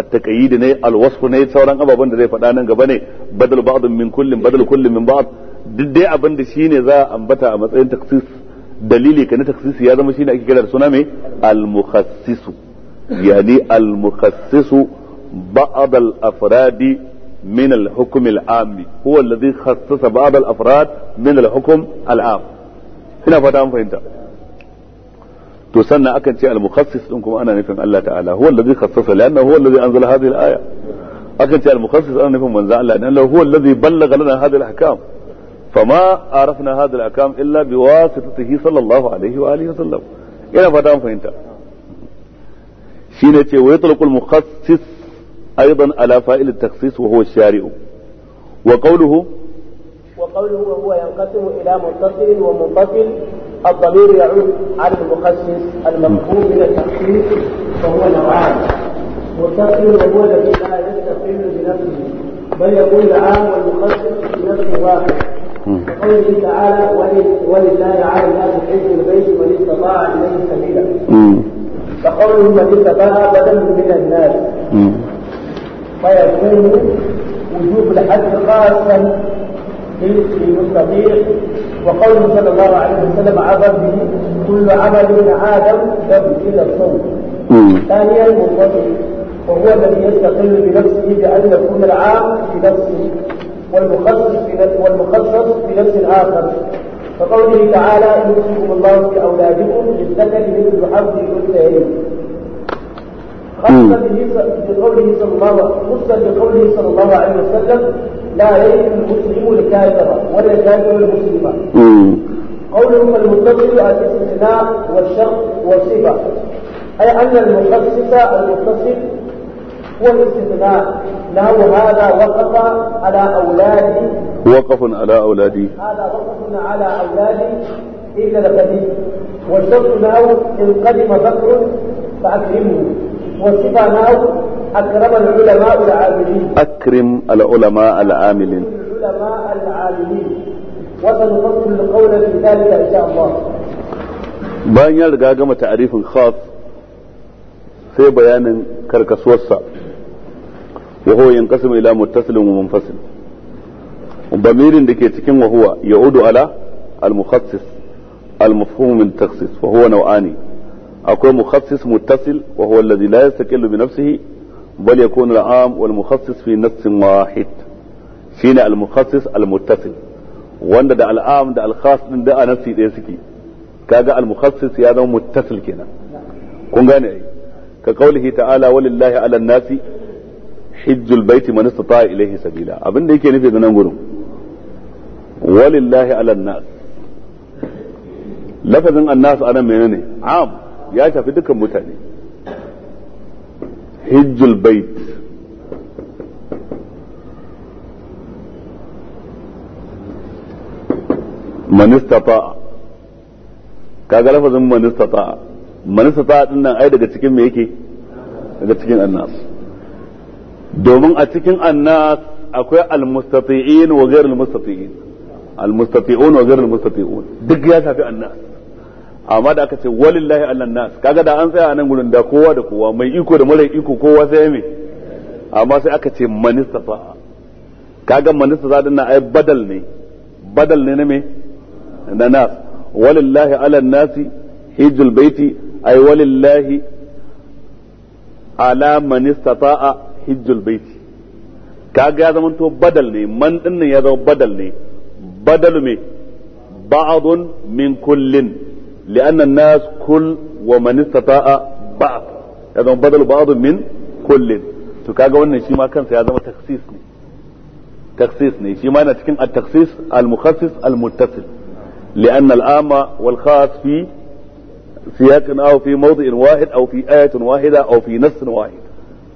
at-taqyid ne alwasfu ne sauran ababen da zai faɗa nan gaba ne badal ba'd min kullin badal kullin min ba'd duk dai abin da shine za a ambata a matsayin taksis dalili ka na taksis ya zama shine ake kira da suna mai al-mukhassisu yani al-mukhassisu ba'd al-afradi min al-hukm am huwa alladhi khassasa ba'd al-afrad min al al'am. ina fata an fahimta to sannan akan ce al-mukhassis din kuma ana nufin Allah ta'ala huwa allazi khassasa lanna huwa allazi anzala hadhihi al-aya akan ce al-mukhassis ana nufin manzo Allah dan Allah huwa allazi ballagha lana hadhihi al-ahkam fama arafna hadhihi al-ahkam illa biwasitatihi sallallahu alaihi wa alihi wasallam ina fata an fahimta shine ce wa yatlaqul mukhassis ايضا على فاعل التخصيص وهو الشارع وقوله وقوله وهو ينقسم إلى متصل ومنفصل الضمير يعود على المخصص المفهوم من التخصيص فهو نوعان متصل وهو الذي لا يستقل بنفسه بل يكون العام والمخصص بنفس واحد قوله تعالى ولله على الناس حج البيت من استطاع اليه سبيلا فقوله من استطاع بدل من الناس فيكون وجوب الحج خاصا في ليستطيع وقوله صلى الله عليه وسلم عبد به كل عمل من عادم له إلى الصوم. ثانيا منفصل وهو الذي يستقل بنفسه بان يكون العام بنفسه والمخصص والمخصص بنفس الاخر كقوله تعالى يوصيكم الله في اولادكم للذكر مثل حظ الانثيين خاصة بقوله صلى الله خص بقوله صلى الله عليه وسلم لا يرث المسلم الكافر ولا الكافر المسلم قولهم المتصل الاستثناء والشرط والصفه اي ان المخصص المتصل هو الاستثناء له هذا وقف على اولادي وقف على اولادي هذا وقف على اولادي الا القديم والشرط له ان قدم بكر فاكرمه وصفناه أكرم العلماء العاملين أكرم العلماء العاملين العلماء العاملين وسنفصل القول في ذلك إن شاء الله bayan ya riga gama ta'arifin khas sai bayanin karkasuwarsa wa huwa yanqasimu ila muttasilin wa munfasil damirin da ke cikin wa huwa ya'udu ala al-mukhassis al-mafhum min takhsis wa huwa naw'ani akwai mukhassis muttasil wa huwa alladhi la yastaqillu bi nafsihi bal yakunu al-aam wal mukhassis fi nafsin wahid shine al-mukhassis al-muttasil wanda da al'am da al-khas din da a nafsi ɗaya suke kaga al-mukhassis ya zama muttasil kenan kun gane ai ka kaulihi ta'ala walillahi 'ala an-nasi hijjul baiti man istata'a ilayhi sabila abin da yake nufi da nan gurin walillahi 'ala an-nas lafazin an-nas anan menene am ya shafi dukan mutane hijjul bait man istata'a kaga lafazin man istata'a din nan ai daga cikin me yake daga cikin annas domin a cikin annas akwai almustati'in wa ghairul mustati'in almustati'un wa ghairul mustati'un duk ya shafi annas amma da aka ce walillahi allan nas kaga da an tsaya a nan gurin da kowa da kowa mai iko da mara iko kowa sai ya me amma sai aka ce manistafa kaga manistafa din nan ai badal ne badal ne na me na nas walillahi allan nasi hijjul baiti ai walillahi ala manistata hijjul baiti kaga ya zama to badal ne man dinnan ya zama badal ne badal me ba'dun min kullin لأن الناس كل ومن استطاع بعض هذا بدل بعض من كل to kaga wannan shi ma kansa ya zama taksis ne taksis ne shi ma لأن العام والخاص في سياق أو في موضع واحد أو في آية واحدة أو في نص واحد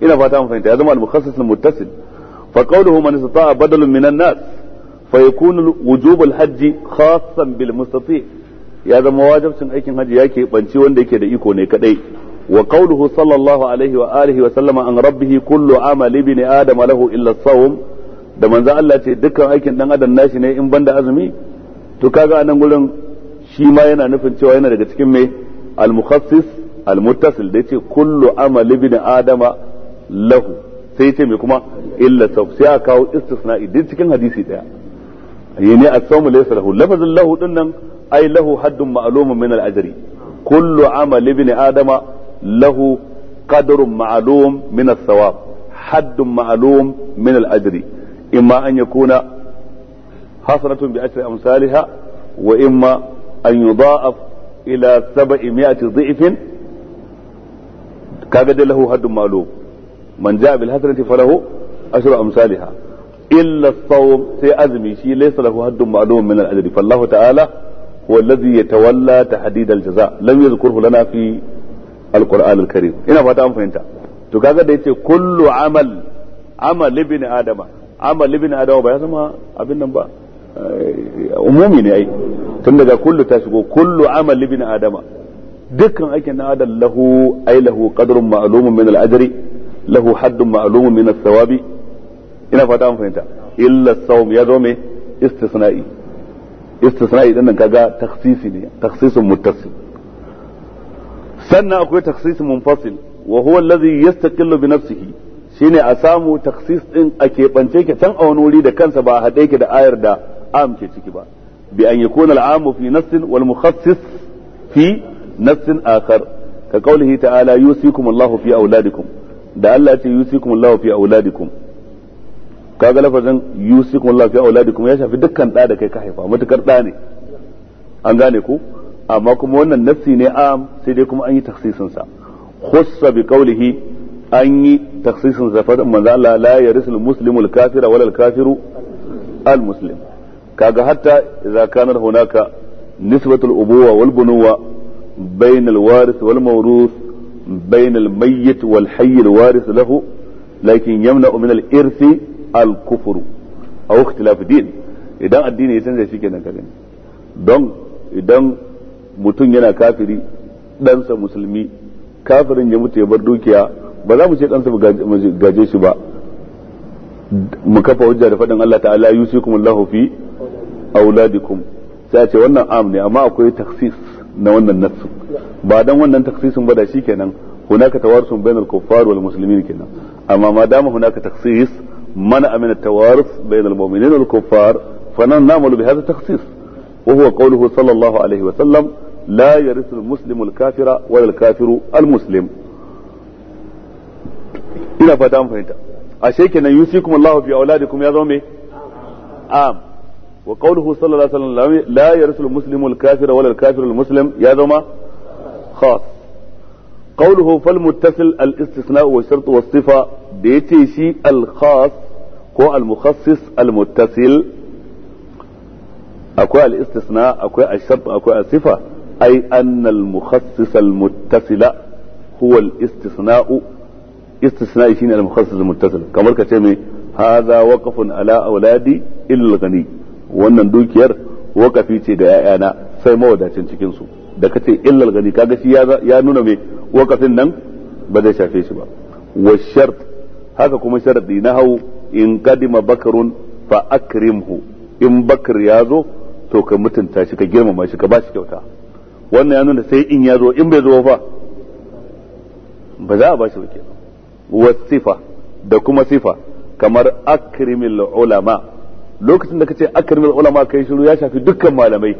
إلى فاتهم فهمت هذا المخصص المتصل فقوله من استطاع بدل من الناس فيكون وجوب الحج خاصا بالمستطيع ya zama wajibcin aikin hajji ya ke banci wanda yake da iko ne kadai wa qawluhu sallallahu alaihi wa alihi wa sallama an rabbihi kullu amali ibn adam lahu illa sawm da manzo Allah ce dukkan aikin dan adam nashi ne in banda azumi to kaga anan gurin shi ma yana nufin cewa yana daga cikin me al-mukhassis al-muttasil da yace kullu amali ibn adam lahu sai ce me kuma illa sawm sai aka kawo istisna'i duk cikin hadisi daya yani as-sawm laysa lahu lafazin lahu din أي له حد معلوم من الأجر كل عمل ابن آدم له قدر معلوم من الثواب حد معلوم من الأجر إما أن يكون حسنة بأشر أمثالها وإما أن يضاعف إلى سبعمائة ضعف كقد له حد معلوم من جاء بالحسنة فله عشر أمثالها إلا الصوم سيأزمي شيء ليس له حد معلوم من الأجر فالله تعالى هو الذي يتولى تحديد الجزاء لم يذكره لنا في القرآن الكريم ina fata an fahimta to kaga da yace kullu amal amal ibn adama amal ibn adama ba ya zama abin nan ba umumi ne ai tun daga kullu ta shigo kullu amal ibn adama dukkan aikin na adam lahu ai lahu qadrun min al lahu haddun sawabi ina fata illa as ya zo istisna'i istisna'i din nan kaga takhsisi ne takhsisun muttasil sannan akwai takhsisun munfasil wa huwa allazi yastaqillu bi nafsihi shine a samu takhsis din a kebance ke can a wani wuri da kansa ba a haɗe ke da ayar da am ke ciki ba bi an yakuna al'amu fi nafsin wal mukhassis fi nafsin akhar ka qawlihi ta'ala yusikum Allahu fi auladikum da Allah ya ce yusikum Allahu fi auladikum kaga lafazin yusikum Allah fi auladikum ya shafi dukkan da ka kai ka haifa matukar da ne an gane ku amma kuma wannan nassi ne am sai dai kuma an yi taksisin sa khussa bi qawlihi an yi taksisin sa fa manzo Allah la yarisul muslimul kafira wal kafiru al muslim kaga hatta idza kana hunaka nisbatul ubuwa wal bunuwa bain al waris wal mawrus bainal mayyit wal hayy al waris lahu lakin yamna min al al-kufru aw ikhtilaf din idan addini ya canza shi kenan ka gani don idan mutum yana kafiri ɗansa musulmi kafirin ya mutu ya bar dukiya ba za mu ce ɗansa mu gaje shi ba mu kafa hujja da faɗin Allah ta'ala yusikum Allahu fi auladikum sai ce wannan am ne amma akwai taksis na wannan nassu ba dan wannan taksisin ba da shikenan hunaka tawarsun bainal kuffar wal muslimin kenan amma ma dama hunaka taksis منع من التوارث بين المؤمنين والكفار فنعمل بهذا التخصيص وهو قوله صلى الله عليه وسلم لا يرث المسلم الكافر ولا الكافر المسلم ina fata mun fahimta ashe kenan yusikum Allahu fi auladikum ya zama me am wa qawluhu sallallahu alaihi wasallam la yarsul muslimu al-kafira wala al-kafiru al-muslim ya zama khas fal shi al ko al-mukhassis al-muttasil akwai al-istisna akwai al-shart akwai al-sifa ay anna al-mukhassis al-muttasila huwa al-istisna'u istisna'i shine al-mukhassis al-muttasil kamar ka ce me hadha waqfun ala auladi illa gani wannan dukiyar wakafi ce ga 'ya'yana sai mawadacin cikin su da kace illal gani kaga shi ya nuna me wakafin nan ba zai shafe shi ba wa shart haka kuma sharadi na hau in kadima bakarun fa akrimhu in bakar ya zo to ka mutunta shi ka girmama shi ka ba shi kyauta wannan ya nuna sai in ya zo in bai zo ba ba za a ba shi wa wasifa da kuma sifa kamar akrimil ulama lokacin da kace akrimil ulama kai shiru ya shafi dukkan malamai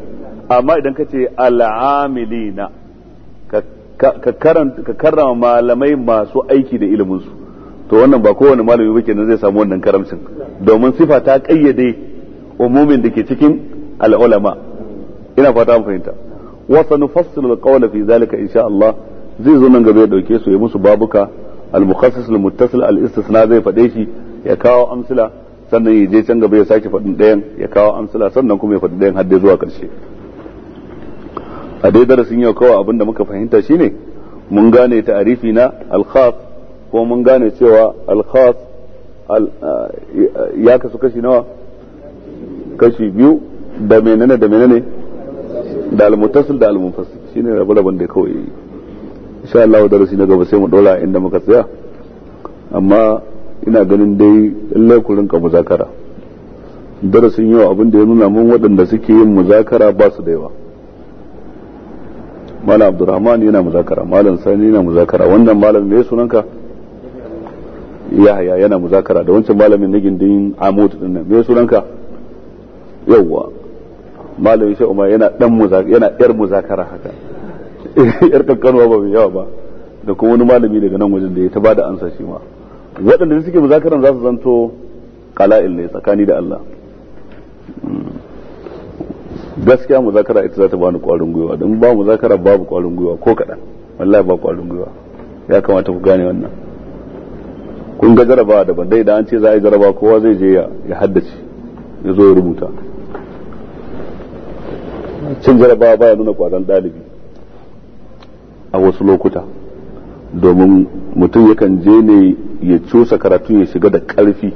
amma idan kace al'amilina ka karanta ka karrama malamai masu aiki da ilimin su to wannan ba kowane malami ba kenan zai samu wannan karamcin domin sifa ta kayyade umumin da ke cikin al'ulama ina fata mu fahimta wa sanufassilu alqawla fi zalika insha Allah zai zo nan gaba ya dauke su ya musu babuka al-mukhassis al-muttasil al-istisna zai fade shi ya kawo amsila sannan ya je can gaba ya sake fadin dayan ya kawo amsila sannan kuma ya fadi dayan har dai zuwa karshe a dai darasin yau kawai abinda muka fahimta shine mun gane ta'arifi na al khass ko mun gane cewa alkhas ya kasu kashi nawa kashi biyu da menene da menene da almutasil da almunfasil shine rabe-raben da kawai yi insha Allah darasi na gaba sai mu dora inda muka tsaya amma ina ganin dai lallai ku muzakara darasin yau abin da ya nuna mun waɗanda suke yin muzakara ba su da yawa malam abdurrahman yana muzakara malam sani yana muzakara wannan malam me sunanka yahaya yana muzakara da wancan malamin na gindin amud din nan me sunanka yawwa malamin shi umar yana dan muzakara yana yar muzakara haka yar kankanuwa ba mai yawa ba da kuma wani malami daga nan wajen da ya ta bada ansa shi ma waɗanda suke muzakaran za su zanto qala'il ne tsakani da Allah hmm. gaskiya muzakara ita za ta bani kwarin gwiwa don ba muzakara babu kwarin gwiwa ko kaɗan wallahi ba kwarin gwiwa ya kamata ku gane wannan kun ga jaraba daban dai da an ce za a yi kowa zai je ya haddace ya zo ya rubuta cin jarabawa baya nuna kwazon dalibi a wasu lokuta domin mutum yakan je ne ya cusa karatu ya shiga da ƙarfi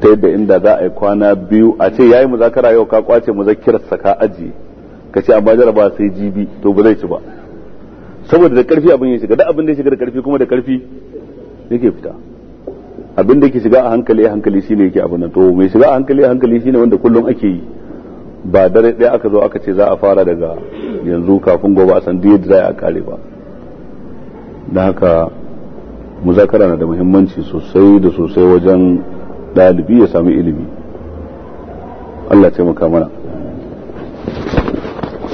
ta yadda inda za a yi kwana biyu a ce yayi muzakara yau ka kwace muzakirar ka ajiye ka ce amma jaraba sai jibi to ba zai ci ba saboda da karfi abin ya shiga da abin da ya shiga da karfi kuma da karfi yake fita abin da yake shiga a hankali a hankali shine yake abin nan to mai shiga a hankali a hankali shine wanda kullum ake yi ba dare ɗaya aka zo aka ce za a fara daga yanzu kafin gobe a san duk yadda za a kare ba da haka muzakara na da muhimmanci sosai da sosai wajen ɗalibi ya sami ilimi Allah taimaka mana